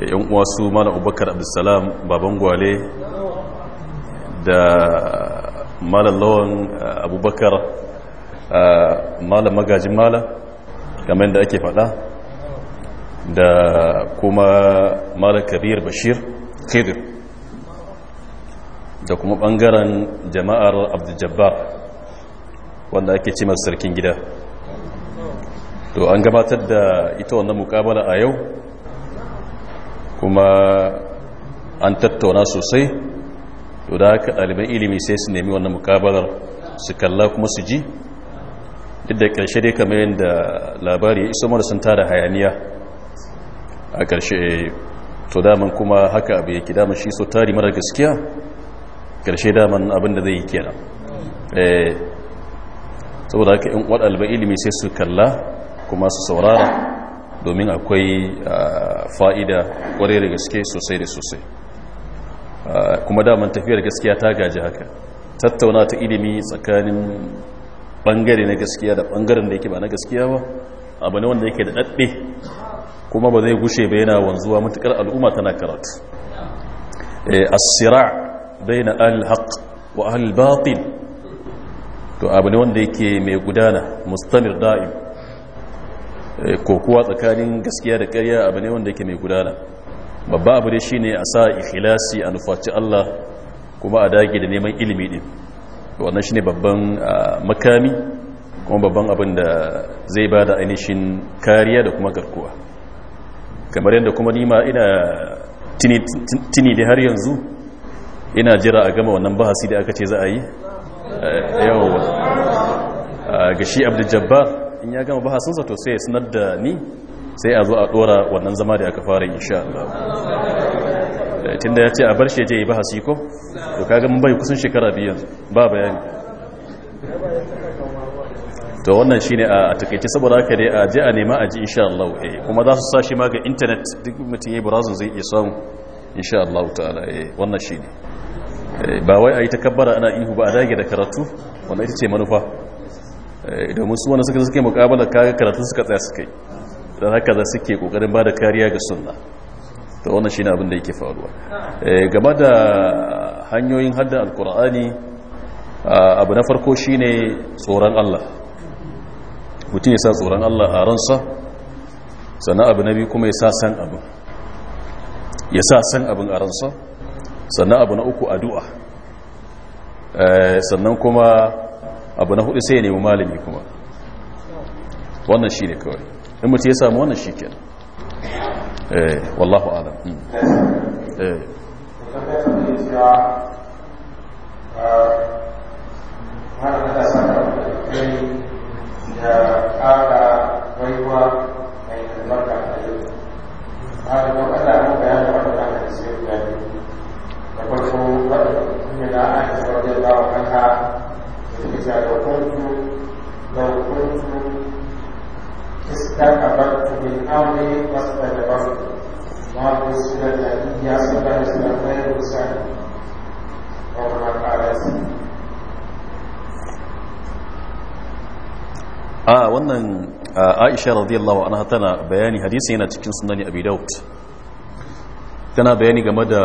yan uwa su mana abubakar abdulsalam baban gwale da malam lawan abubakar malam magajin malar kamar da ake faɗa da kuma malar kabir bashir khidir da kuma bangaren jama'ar abdujabbar wanda ake cimar sarkin gida to an gabatar da ita wannan mukabala a yau kuma an tattauna sosai to da haka ɗaliban ilimi sai su nemi wannan mukabalar su kalla kuma su ji duk da ƙarshe dai kamar yadda labari ya iso mara sun tada hayaniya a ƙarshe to daman kuma haka abu yake daman shi so tari mara gaskiya ƙarshe daman abin da zai yi kenan eh, saboda haka in waɗa alba ilimi sai su kalla kuma su saurara domin akwai fa'ida ƙware da gaske sosai da sosai kuma daman tafiyar gaskiya ta gaji haka tattauna ta ilimi tsakanin ɓangare na gaskiya da ɓangaren da yake ba na gaskiya ba abu ne wanda yake da ɗaɗɗe kuma ba zai gushe ba yana wanzuwa matukar al'umma tana karatu eh, as-sira' baina al wa al-batil to abu ne wanda yake mai gudana mustamir da'im eh, ko kuwa tsakanin gaskiya da ƙarya abu ne wanda yake mai gudana babba abu shi shine a sa ikhlasi a nufaci Allah kuma a dage da neman ilimi ɗin wannan ne babban ah, makami kuma babban abin da zai ba da ainihin kariya da kuma garkuwa kamar yadda kuma nima ina tini da har yanzu ina jira a gama wannan bahasi da aka ce za a yi eh, yawa ga shi abdu in ya gama bahasinsa to sai ya sanar da ni sai a zo a dora wannan zama da aka fara insha Allah eh, tun da ya ce a bar shi ya je yi bahasi ko to kaga bai kusan shekara biyu ba bayani to wannan shine a takaice saboda haka dai a je a nema a ji insha Allah eh kuma za su sa shi ma ga internet duk mutum yayi browsing zai iya samu insha Allah ta'ala eh wannan shine eh, ba wai ayi takabbara ana ihu ba a dage da karatu wannan ita ce manufa eh, domin su wannan suka suke mukabala kaga karatu suka tsaya suka yi dan haka za suke kokarin bada kariya ga sunna to wannan shine abin da yake faruwa eh, game da hanyoyin hadda alqur'ani abu na farko shine tsoron Allah mutum ya sa tsoron Allah a ransa sannan abu na biyu kuma ya sa san abin ya sa san abin a ransa sannan abu na uku addu'a sannan kuma abu na hudu sai ya nemi malami kuma wannan shi ne kawai in mutum ya samu wannan shi kenan wallahu alam Thank you. da ƙara baiwa mai albarka a yau haka don ana mun bayan waɗanda aka sai guda biyu da farko waɗanda kuma na aka da ba wa da suke sa da kuntu da kuntu استكبرت من امري واستكبرت da ارسل الذي يصل الى غير سعيد وما قال a wannan aisha radiyallahu anha tana bayani hadisi yana cikin sunani abi daud tana bayani game da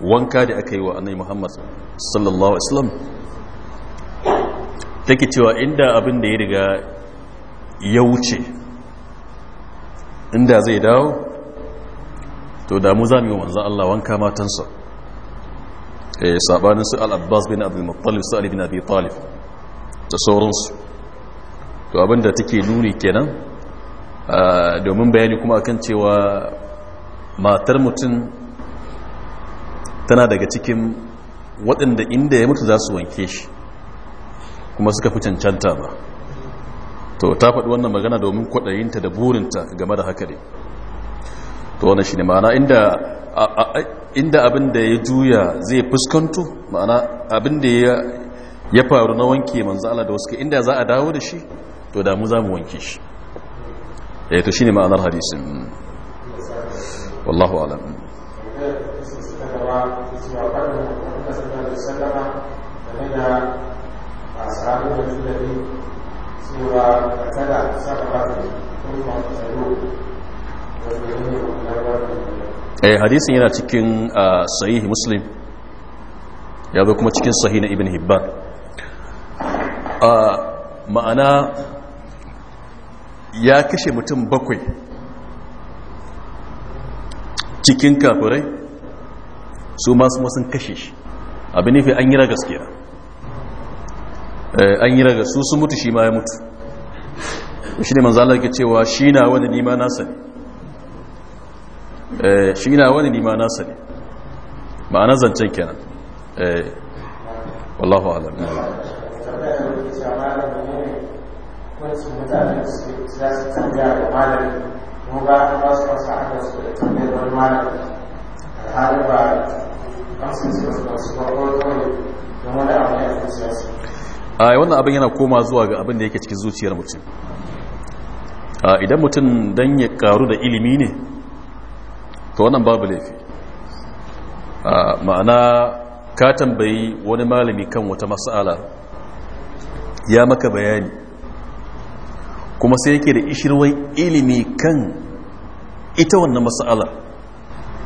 wanka da aka yi wa annabi muhammad sallallahu alaihi wasallam take cewa inda abin da ya riga ya wuce inda zai dawo to damu za mu yi wanzan Allah wanka matansa eh, sabanin su al-abbas bin abdul muttalib su ali bin abi talib da sauransu to abinda take nuni kenan domin bayani kuma akan cewa matar mutum tana daga cikin waɗanda inda ya mutu za su wanke shi kuma suka fi cancanta ba to ta faɗi wannan magana domin kwaɗayinta da burinta game da haka ne to wani shi ne ma'ana inda abin da ya juya zai fuskanto ma'ana abin da ya faru na wanke manzala da wasu inda za a dawo da shi to da mu za mu wanke shi ya eh, to shi ne ma'anar hadisin wallahu alam eh, hadisin yana cikin ah, sahih muslim ya zo kuma cikin sahih na ibn hibban ah, ma'ana ya kashe mutum bakwai cikin kafirai su masu masun kashe shi abin nufi an yi gaskiya eh, an yi raga su sun mutu shi ma ya mutu shi ne manzala ke cewa shi na wani nima nasa ne eh, shi na wani nima nasa ne ma'ana zancen kenan eh, wallahu alam a wannan abin yana koma zuwa ga abin da yake cikin zuciyar mutum idan mutum don ya karu da ilimi ne to wannan babu laifi ma'ana ka tambayi wani malami kan wata matsala ya maka bayani kuma sai yake da ishirwai ilimi kan ita wannan mas'alar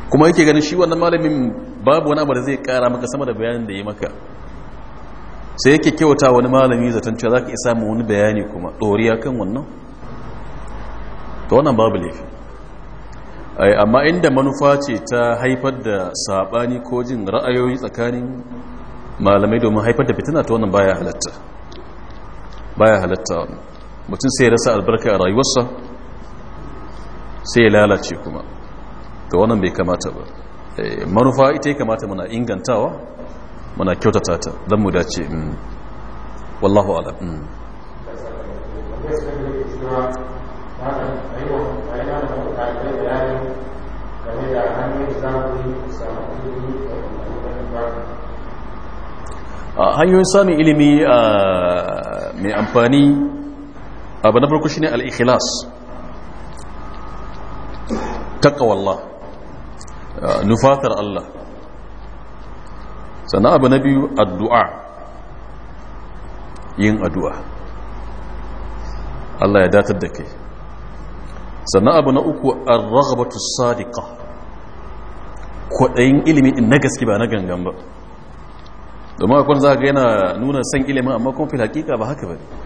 kuma yake ganin shi wannan malamin babu wani abu da zai kara maka sama da bayanin da ya maka sai yake kyauta wani malami zaton cewa za ka isa mu wani bayani kuma ɗoriya kan wannan ta wannan babu laifi amma inda manufa ce ta haifar da saɓani ko jin ra'ayoyi tsakanin malamai domin haifar da fitina ta wannan baya halatta baya halatta wannan mutum sai ya rasa albarka a rayuwarsa sai ya lalace kuma ga wannan bai kamata ba eh, manufa ita ya kamata muna ingantawa muna kyautata ta don mu dace mm. wallahu ala mm. hanyoyin samun ilimi ah, mai amfani abu na farko shine al-ikhlas taqwallah ah, nufatar Allah sannan abu na biyu addu'a yin addu'a Allah ya datar da kai sannan abu na uku ar-raghabatu sadiqa kwaɗayin ilimi na gaske ba na gangan ba domin akwai za ga yana nuna san ilimin amma kuma fil hakika ba haka ba ne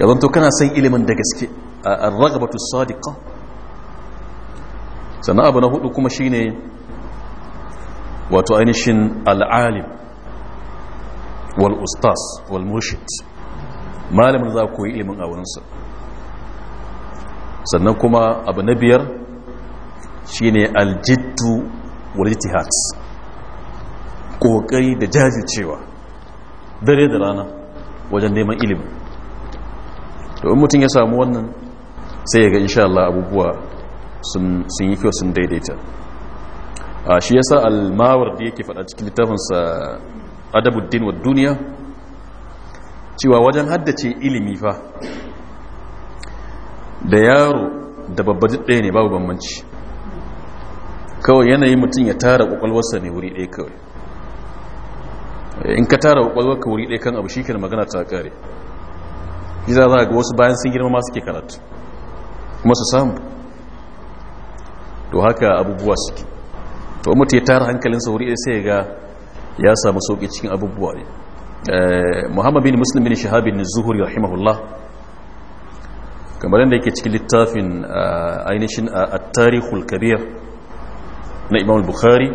ya zanto kana san ilimin da gaske a ragabatu sadiqa sannan abu na hudu kuma ne, wato ainihin al'alim wal ustas wal malamin za ku yi ilimin a wurinsa sannan kuma abu na biyar shine aljiddu wal ijtihad kokari da jajircewa dare da rana wajen neman ilimi to in mutum ya samu wannan sai ya ga insha Allah abubuwa sun yi kyau sun daidaita a shi ya sa almawar da yake faɗa cikin littafinsa adabuddin wa duniya cewa wajen haddace ilimi fa da yaro da babba ɗaya ne babu bambanci kawai yanayin mutum ya tara ƙwaƙwalwarsa ne wuri ɗaya kawai in ka tara kwakwalwarka wuri ɗaya kan abu shi ke da magana ta kare shi za ga wasu bayan sun girma masu ke karatu kuma su samu to haka abubuwa suke to mutu ya tara hankalin sauri sai ga ya samu sauƙi cikin abubuwa ne eh, muhammadu bin muslim bin shahabin zuhuri rahimahullah kamar yadda yake cikin littafin eh, ainihin eh, a tarihul kabir na imam bukhari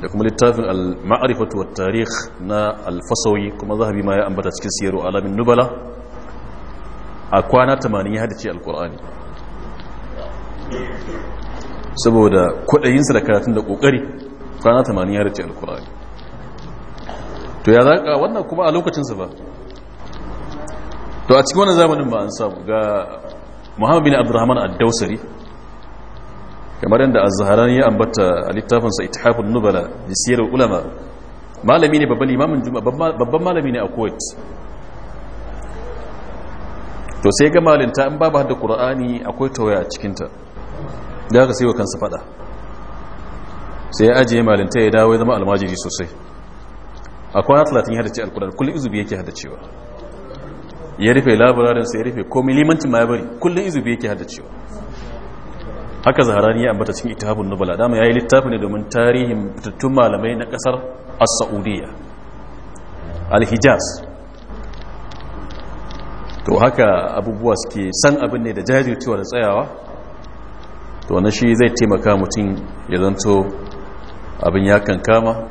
da kuma littafin al-ma'arifatu wa tarih na al-fasawi kuma zahabi ma ya ambata cikin siyaru alamin nubala a kwana 80 ya hadace alkur'ani saboda sa da karatun da kokari kwana 80 ya hadace alkur'ani to ya zaka wannan kuma a lokacinsa ba to a cikin wannan zamanin ba an samu ga muhammad bin abdurrahman ad-dawsari kamar yadda az-zahrani ya ambata a littafinsa ithafun nubala bi sirr ulama malami ne babban imamin juma'a babban malami ne a kuwait to sai ga malinta in babu hadda qur'ani akwai tawaya a cikinta da haka sai wa kansa fada sai ya ajiye malinta ya dawo ya zama almajiri sosai a kwana talatin ya haddace alkur'ani kullum izubi yake haddacewa ya rufe labararin sai ya rufe komai milimancin ma ya bari kullum izubi yake cewa haka zaharani ya ambata cikin itahabun nubala dama ya yi littafi ne domin tarihin fitattun malamai na kasar as-saudiya al-hijaz to haka abubuwa suke san abin ne da jajircewa da tsayawa to wannan shi zai taimaka mutum ya zanto abin ya kankama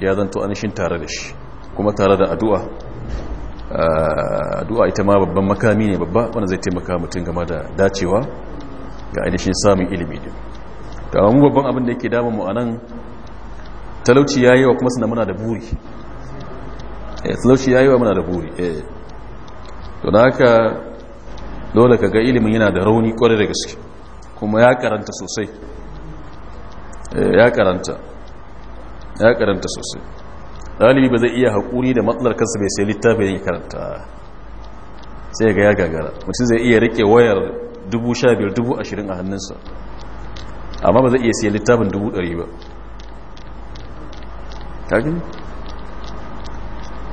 ya zanto anishin tare da shi kuma tare da addu'a ah, addu'a ita ma babban makami ne babba wanda zai taimaka mutum game da dacewa ga ainihin samun ilimi din ta mu babban abin da yake damun mu anan talauci yayi wa kuma suna muna da buri eh talauci yayi wa muna da buri eh to da haka dole ka ga ilimin yana da rauni kwarai da gaske kuma ya karanta sosai eh, ya karanta ya karanta sosai dalibi ba zai iya haƙuri da matsalar kansa bai sai littafin ya karanta sai ga ya gagara mutum zai iya rike wayar 15,000 a hannunsa amma ba zai iya sai littafin 100,000 ba gini?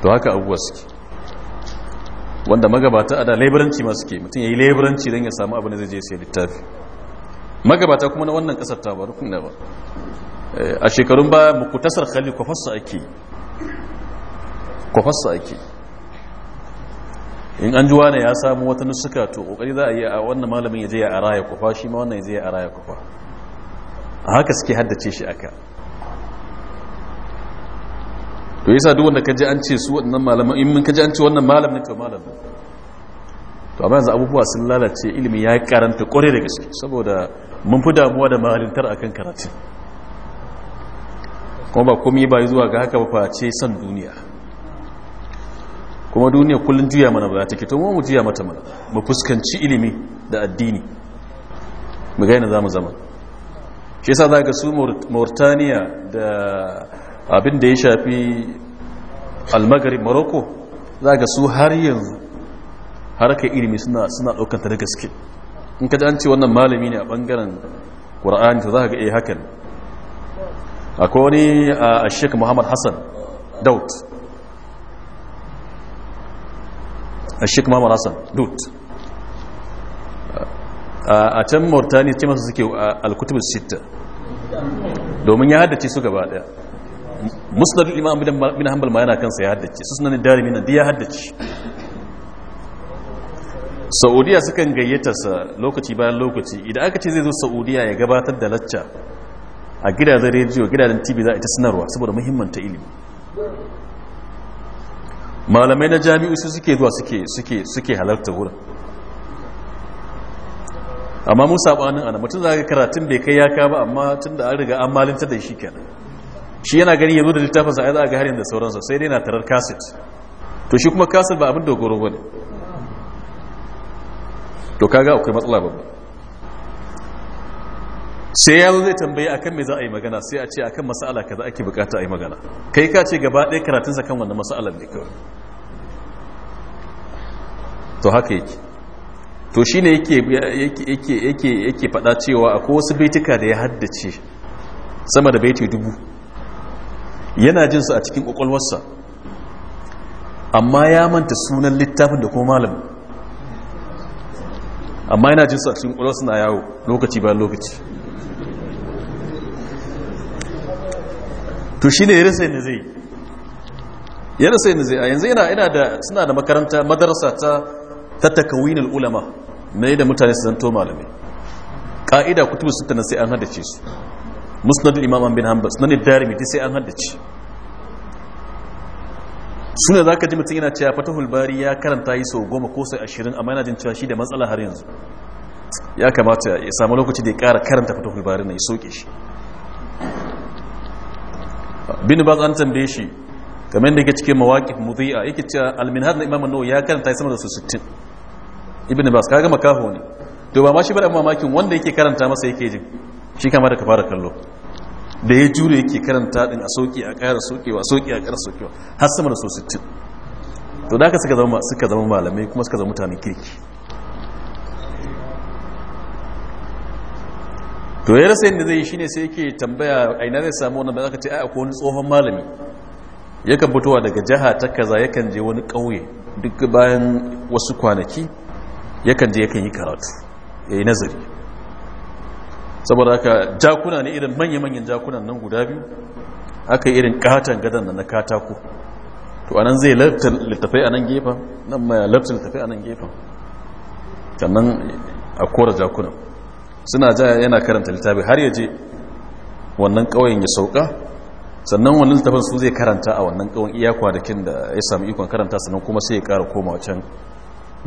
to haka abubuwa suke wanda magabata a da laibiranci masu ke mutum ya yi laibiranci don ya samu abin da zai je sai littafi magabata kuma na wannan kasar ta baru kuna ba eh, a shekarun ba mukutasar khali kwafassa ake kwafasa ake in an juwa ne ya samu wata nusuka to kokari za a yi a wannan malamin ya je ya araya kwafa shi ma wannan ya je ya araya kwafa a haka suke haddace shi aka to yasa duk wanda kaji an ce su waɗannan malaman in mun kaji an ce wannan malam ne to malam ne to amma yanzu abubuwa sun lalace ilimi ya yi karanta kwarai da gaske saboda mun fi damuwa da a akan karatu kuma ba komai ba zuwa ga haka ba face san duniya kuma duniya kullum juya mana ba ta to mu mu juya mata mana mu fuskanci ilimi da addini mu ga za zamu zama shi yasa ka su mauritaniya da abin da ya shafi almagari morocco za ga su har yanzu harkar ilimi suna ɗaukanta da gaske in ka ji an ce wannan malami ne a ɓangaren ƙura'ani ta za ga iya eh, hakan akwai wani a ah, sheik muhammad hassan daut a sheik muhammad hassan daut ah, a can mauritania ce masu suke ah, alkutubus sita domin ya haddace su gaba daya musnad imam bin hanbal ma yana kansa ya haddace su sunan darimi nan ya haddace saudiya sukan gayyata sa lokaci bayan lokaci idan aka ce zai zo saudiya ya gabatar da lacca a gidajen rediyo gidajen tv za a ita sanarwa saboda muhimmanta ilimi malamai na jami'u su suke zuwa suke suke suke halarta wurin amma ba nan ana mutum za ka karatun bai kai ya ka ba amma tun da an riga an malinta da shi kenan shi yana gani ya zo da littafinsa ai za a ga har yanzu sauransa sai dai na tarar kaset to shi kuma kaset ba abin dogoro ba ne to kaga akwai matsala babba sai ya zo zai tambaye akan me za a yi magana sai a ce akan mas'ala kaza ake bukata a yi magana kai ka ce gaba ɗaya karatun sa kan wannan mas'alar ne kawai to haka yake to shi ne yake faɗa cewa akwai wasu baitika da ya haddace sama da baiti dubu yana jin su a cikin kwakwalwarsa amma ya manta sunan littafin da kuma malam amma yana jin su a cikin kwakwalwarsa na yawo lokaci bayan lokaci to shi ne ya rasa yadda zai ya rasa yadda zai a yanzu yana da suna da makaranta madarasa ta ta takawinul ulama na yi da mutane su zanto malamai ƙa'ida kutubu sun tana sai an ce su musnadul imam bin hanbal sunan darimi duk sai an haddace suna za ka ji mutum yana cewa fata hulbari ya karanta yi sau goma ko sai ashirin amma yana jin cewa shi da matsala har yanzu ya kamata ya samu lokaci da ya kara karanta fata hulbari na ya soke shi bin ba an tambaye shi kamar da yake cikin zai mudhi'a yake cewa alminhad na imam an ya karanta sama da su 60 ibn bas kaga makaho ne to ba ma shi bada mamakin wanda yake karanta masa yake jin shi kama da ka fara kallo da ya jure yake karanta din a sauki a ƙara sokewa sauki a ƙara sokewa har sama da so 60 to da aka suka zama malamai kuma suka zama mutanen kirki to ya rasa yadda zai shine sai yake tambaya a ina zai samu wannan da aka ce a akwai wani tsohon malami yakan fitowa daga jiha ta kaza ya kan je wani ƙauye duk bayan wasu kwanaki ya kan je yakan yi karatu ya yi nazari saboda haka jakuna ne irin manya-manyan jakunan nan guda biyu aka yi irin katon gadon da na katako to anan zai lafta littafai a nan gefen nan ma lafta littafai a nan gefen sannan a kora jakunan suna ja yana karanta littafi har yaje. wannan ƙauyen ya sauka sannan wannan littafin su zai karanta a wannan iyakwa iya kwanakin da ya sami ikon karanta sannan kuma sai ya ƙara koma can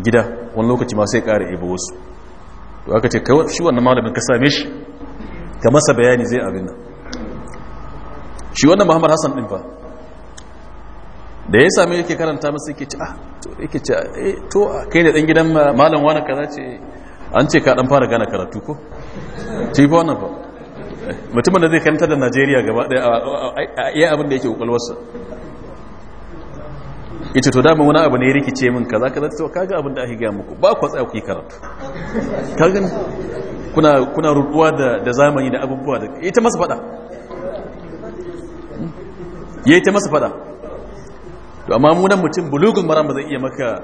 gida wani lokaci ma sai ya ƙara ibo wasu to aka ce kai shi wannan malamin ka same shi ka masa bayani zai abin nan shi wannan muhammad hassan din fa da ya sami yake karanta masa yake ci ah to yake ci eh to kai da dan gidan malam wani kaza ce an ce ka dan fara gana karatu ko ci fa wannan fa mutumin da zai kanta da Najeriya gaba daya a iya abin da yake kokalwarsa yace to dama wani abu ne ya rikice min kaza kaza to kaga abin da ake gaya muku ba ku tsaya ku yi karatu kaga kuna kuna rubuwa da da zamani da abubuwa da ita masa fada yayi ta masa fada to amma mu nan mutum bulugul maram ba zai iya maka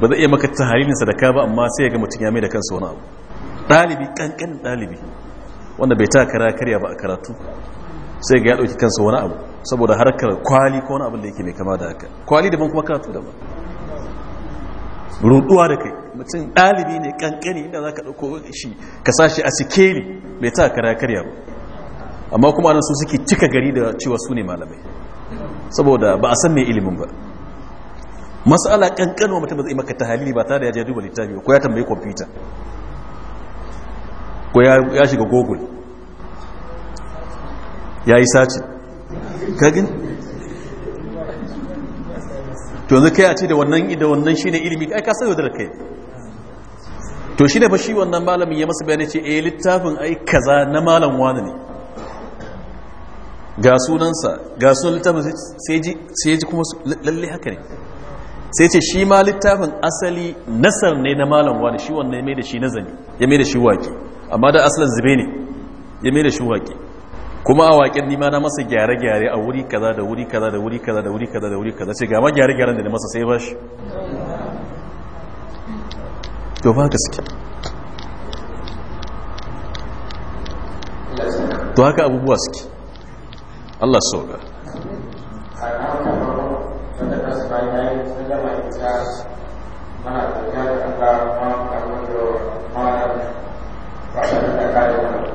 ba zai iya maka sadaka ba amma sai ya ga mutum ya mai da kansa wani abu dalibi kankan dalibi wanda bai ta kara karya ba a karatu sai ga ya dauki kansa wani abu saboda harkar kwali ko wani abin da yake mai kama da haka kwali daban kuma karatu ba ruduwa da kai mutum dalibi ne kankani inda za ka ɗauko shi ka sashi a sikeli mai ta kara karya ba amma kuma anan su suke cika gari da cewa su ne malamai saboda ba a san mai ilimin ba masala kankanuwa mutum zai maka ta halili ba tare da ya duba littafi ko ya tambayi kwamfuta ko ya shiga google ya yi sacin kagin to zai kai a ce da wannan da wannan ne ilimi ai ka san yau da kai to ne ba shi wannan malamin ya masa bayanai ce yi eh, littafin ai kaza na malam wani ne ga sunansa ga sunan littafin sai ji ji kuma lalle haka ne sai ce shi ma littafin asali nasar ne na malam wani shi wannan ya mai da shi nazari ya mai da shi waƙi amma da asalin zube ne ya mai da shi waƙi kuma a waƙin nima na masa gyare-gyare a wuri kaza da wuri kaza da wuri kaza da wuri kaza da wuri kaza ce gama gyare-gyaren da na masa sai ba shi to ba gaske to haka abubuwa suke Allah sauka mana da ya da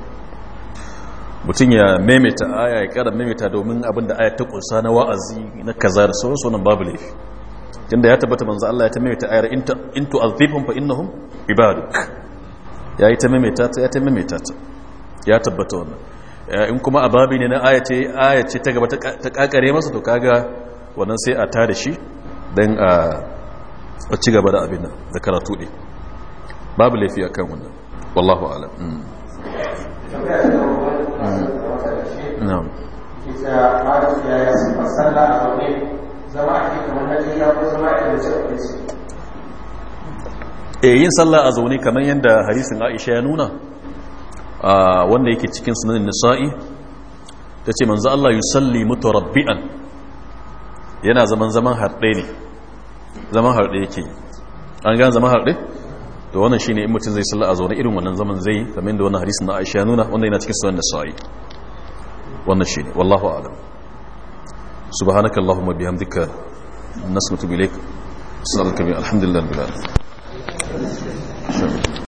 mutum ya maimaita aya ya kara maimaita domin abin da aya ta kunsa na wa'azi na kaza da sauransu nan babu laifi tunda ya tabbata manzo Allah ya ta maimaita ayar in tu'adhibhum fa innahum ibaduk yi ta maimaita ta ya ta maimaita ta ya tabbata wannan in kuma ababi ne na ayace ayace ta gaba ta kakare masa to kaga wannan sai a tada shi dan a ci gaba da abin nan da karatu ne babu laifi akan wannan a'lam hmm. na'am kisa malam ya ya sifa sallah a zaune zama ake kamar na jiya ko zama a yanzu abinci e eh, yin sallah a zaune kamar yadda hadisin Aisha ya nuna wanda yake cikin sunan Nisa'i tace manzo Allah salli yusalli mutarabbi'an yana zaman zaman harde ne zaman harde yake an gan zaman harde to wannan shine in mutum zai sallah a zaune irin wannan zaman zai kamar yadda wannan hadisin na Aisha ya nuna wanda yana cikin sunan Nisa'i والنشيني والله أعلم سبحانك اللهم بهم بحمدك نسمة إليك الحمد لله بالله